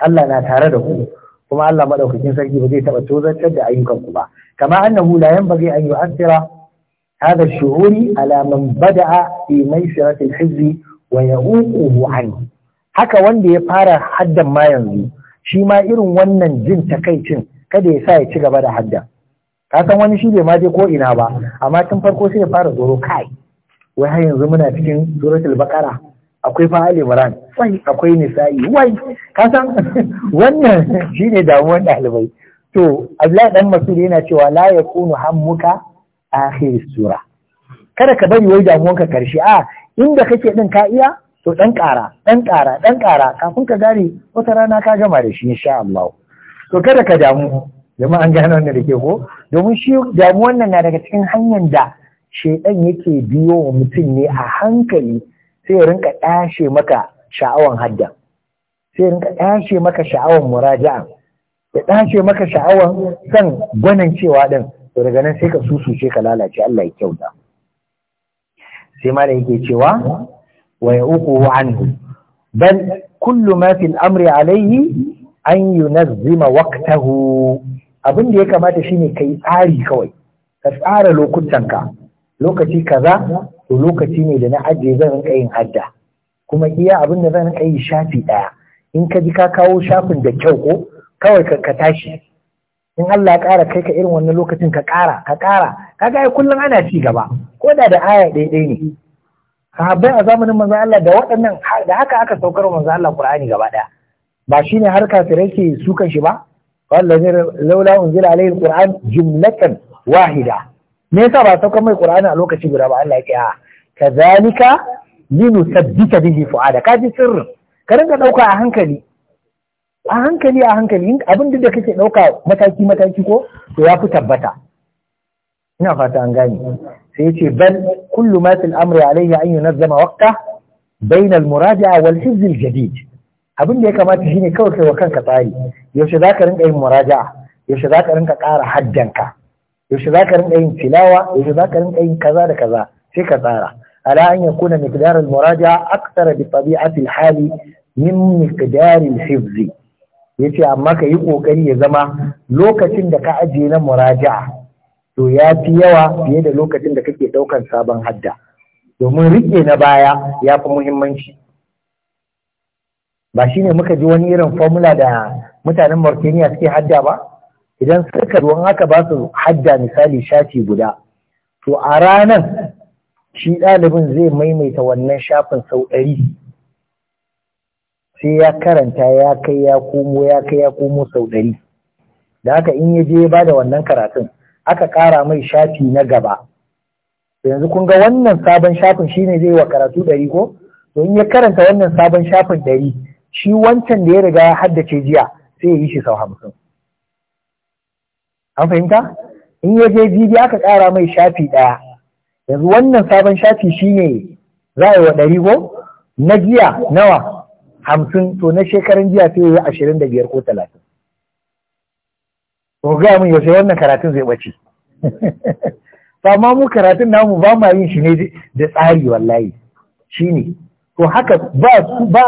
[SPEAKER 1] Allah na tare da ku kuma Allah maɗaukakin sarki ba zai taba tozartar da ayyukan ku ba kama annahu la yanbaghi an yu'athira hadha ash-shu'uri ala man bada'a fi maysirati al-hizbi wa ya'uquhu anhu haka wanda ya fara haddan ma yanzu shi ma irin wannan jin takaicin kada ya sa ya ci gaba da haddan ka san wani shi bai ma je ko ina ba amma tun farko sai ya fara tsoro kai wai har yanzu muna cikin suratul baqara akwai fa Ali Imran wai akwai Nisa'i wai ka san wannan shine damuwar ɗalibai to Abdullahi dan Masud yana cewa la yakunu hammuka akhir sura kada ka bari wai damuwanka karshe a inda kake din ka iya to dan ƙara dan ƙara dan ƙara kafin ka gane wata rana ka gama da shi insha Allah to kada ka damu jama'a an gane wannan da ke ko domin shi damuwan nan na daga cikin hanyar da shedan yake biyo wa mutum ne a hankali sai ya rinka ɗashe maka sha'awan hadda sai ya rinka ɗashe maka sha'awan muraja'a ya ɗashe maka sha'awan son gwanan cewa ɗin to daga nan sai ka susuce ka lalace Allah ya kyauta sai ma da yake cewa wa ya uku wa anhu bal kullu ma fil amri alayhi an yunazzima waqtahu abin da ya kamata shine kai tsari kawai ka tsara lokutanka lokaci kaza to lokaci ne da na ajiye zan rinka yin hadda kuma iya abin da zan rinka yi shafi ɗaya in ka ji ka kawo shafin da kyau ko kawai ka tashi in Allah ya ƙara kai ka irin wannan lokacin ka ƙara ka ƙara kaga ai kullum ana ci gaba ko da da aya ɗaya ne sahabbai a zamanin manzo Allah da waɗannan da haka aka saukar manzo Allah Qur'ani gaba ɗaya ba shine har kafirai ke kan shi ba wallahi laula unzila alayhi alquran jumlatan wahida me yasa ba saukar mai qur'ani a lokaci guda ba Allah ya ce a kazalika linusabbita bihi fuada ka ji sirrin
[SPEAKER 2] ka rinka ɗauka a
[SPEAKER 1] hankali a hankali a hankali abin da kake ɗauka mataki mataki ko to ya fi tabbata ina fata an gane sai yace bal kullu ma fil amri alayhi an yunazzama waqta bain al muraja'a wal hizz al jadid abin da ya kamata shine kawai kai wa kanka tsari yaushe zaka rinka yin muraja'a yaushe zaka rinka ƙara haddanka yaushe za ka rinka yin tilawa yaushe za ka rinka yin kaza da kaza sai ka tsara ala an yakuna miqdar al-muraja'a akthara bi tabi'ati al-hali min miqdar al Ya yace amma ka yi kokari ya zama lokacin da ka ajiye na muraja to ya fi yawa fiye da lokacin da kake daukan sabon hadda domin riƙe na baya ya fi muhimmanci ba shine muka ji wani irin formula da mutanen Mauritania suke hadda ba idan suka ruwan haka ba su hadda misali shafi guda to a ranan shi ɗalibin zai maimaita wannan shafin sau ɗari sai ya karanta ya kai ya komo ya kai ya komo sau ɗari da haka in ya je ya ba da wannan karatun aka kara mai shafi na gaba yanzu kun ga wannan sabon shafin shine zai wa karatu ɗari ko to in ya karanta wannan sabon shafin ɗari shi wancan da ya riga ya haddace jiya sai ya yi shi sau hamsin an fahimta in ya je jibi aka ƙara mai shafi ɗaya yanzu wannan sabon shafi shine za a yi wa ɗari ko na jiya nawa hamsin to na shekaran jiya sai ya yi ashirin da biyar ko talatin ko ga mun yaushe wannan karatun zai ɓace amma mu karatun namu ba ma yin shi ne da tsari wallahi shine to haka ba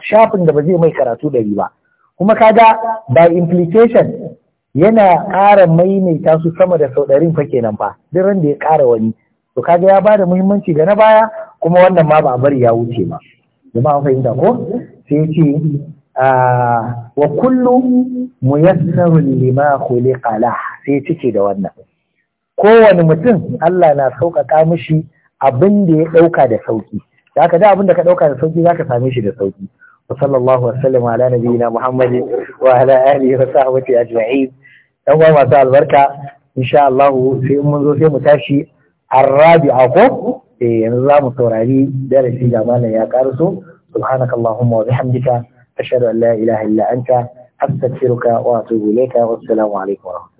[SPEAKER 1] shafin da ba zai mai karatu ɗari ba kuma kaga by implication yana ƙara maimaita su sama da sau ɗarin fa kenan fa duk randa ya ƙara wani to kaga ya bada muhimmanci ga na baya kuma wannan ma ba a bari ya wuce ba an fahimta ko sai ce ah, wa kullu muyassarun lima khuliqa la sai cike da wannan kowane mutum Allah na sauƙaƙa mishi abin da ya ɗauka da sauƙi zaka da abin da ka ɗauka da sauƙi zaka same shi da sauƙi وصلى الله وسلم على نبينا محمد وعلى اله وصحبه اجمعين yan uwa masu albarka insha Allah sai mun zo sai mu tashi arrabi'a ko eh yanzu za mu saurari darasi da malam ya karaso subhanakallahumma wa bihamdika ashhadu an la ilaha illa anta astaghfiruka wa atubu ilayka wa assalamu alaikum wa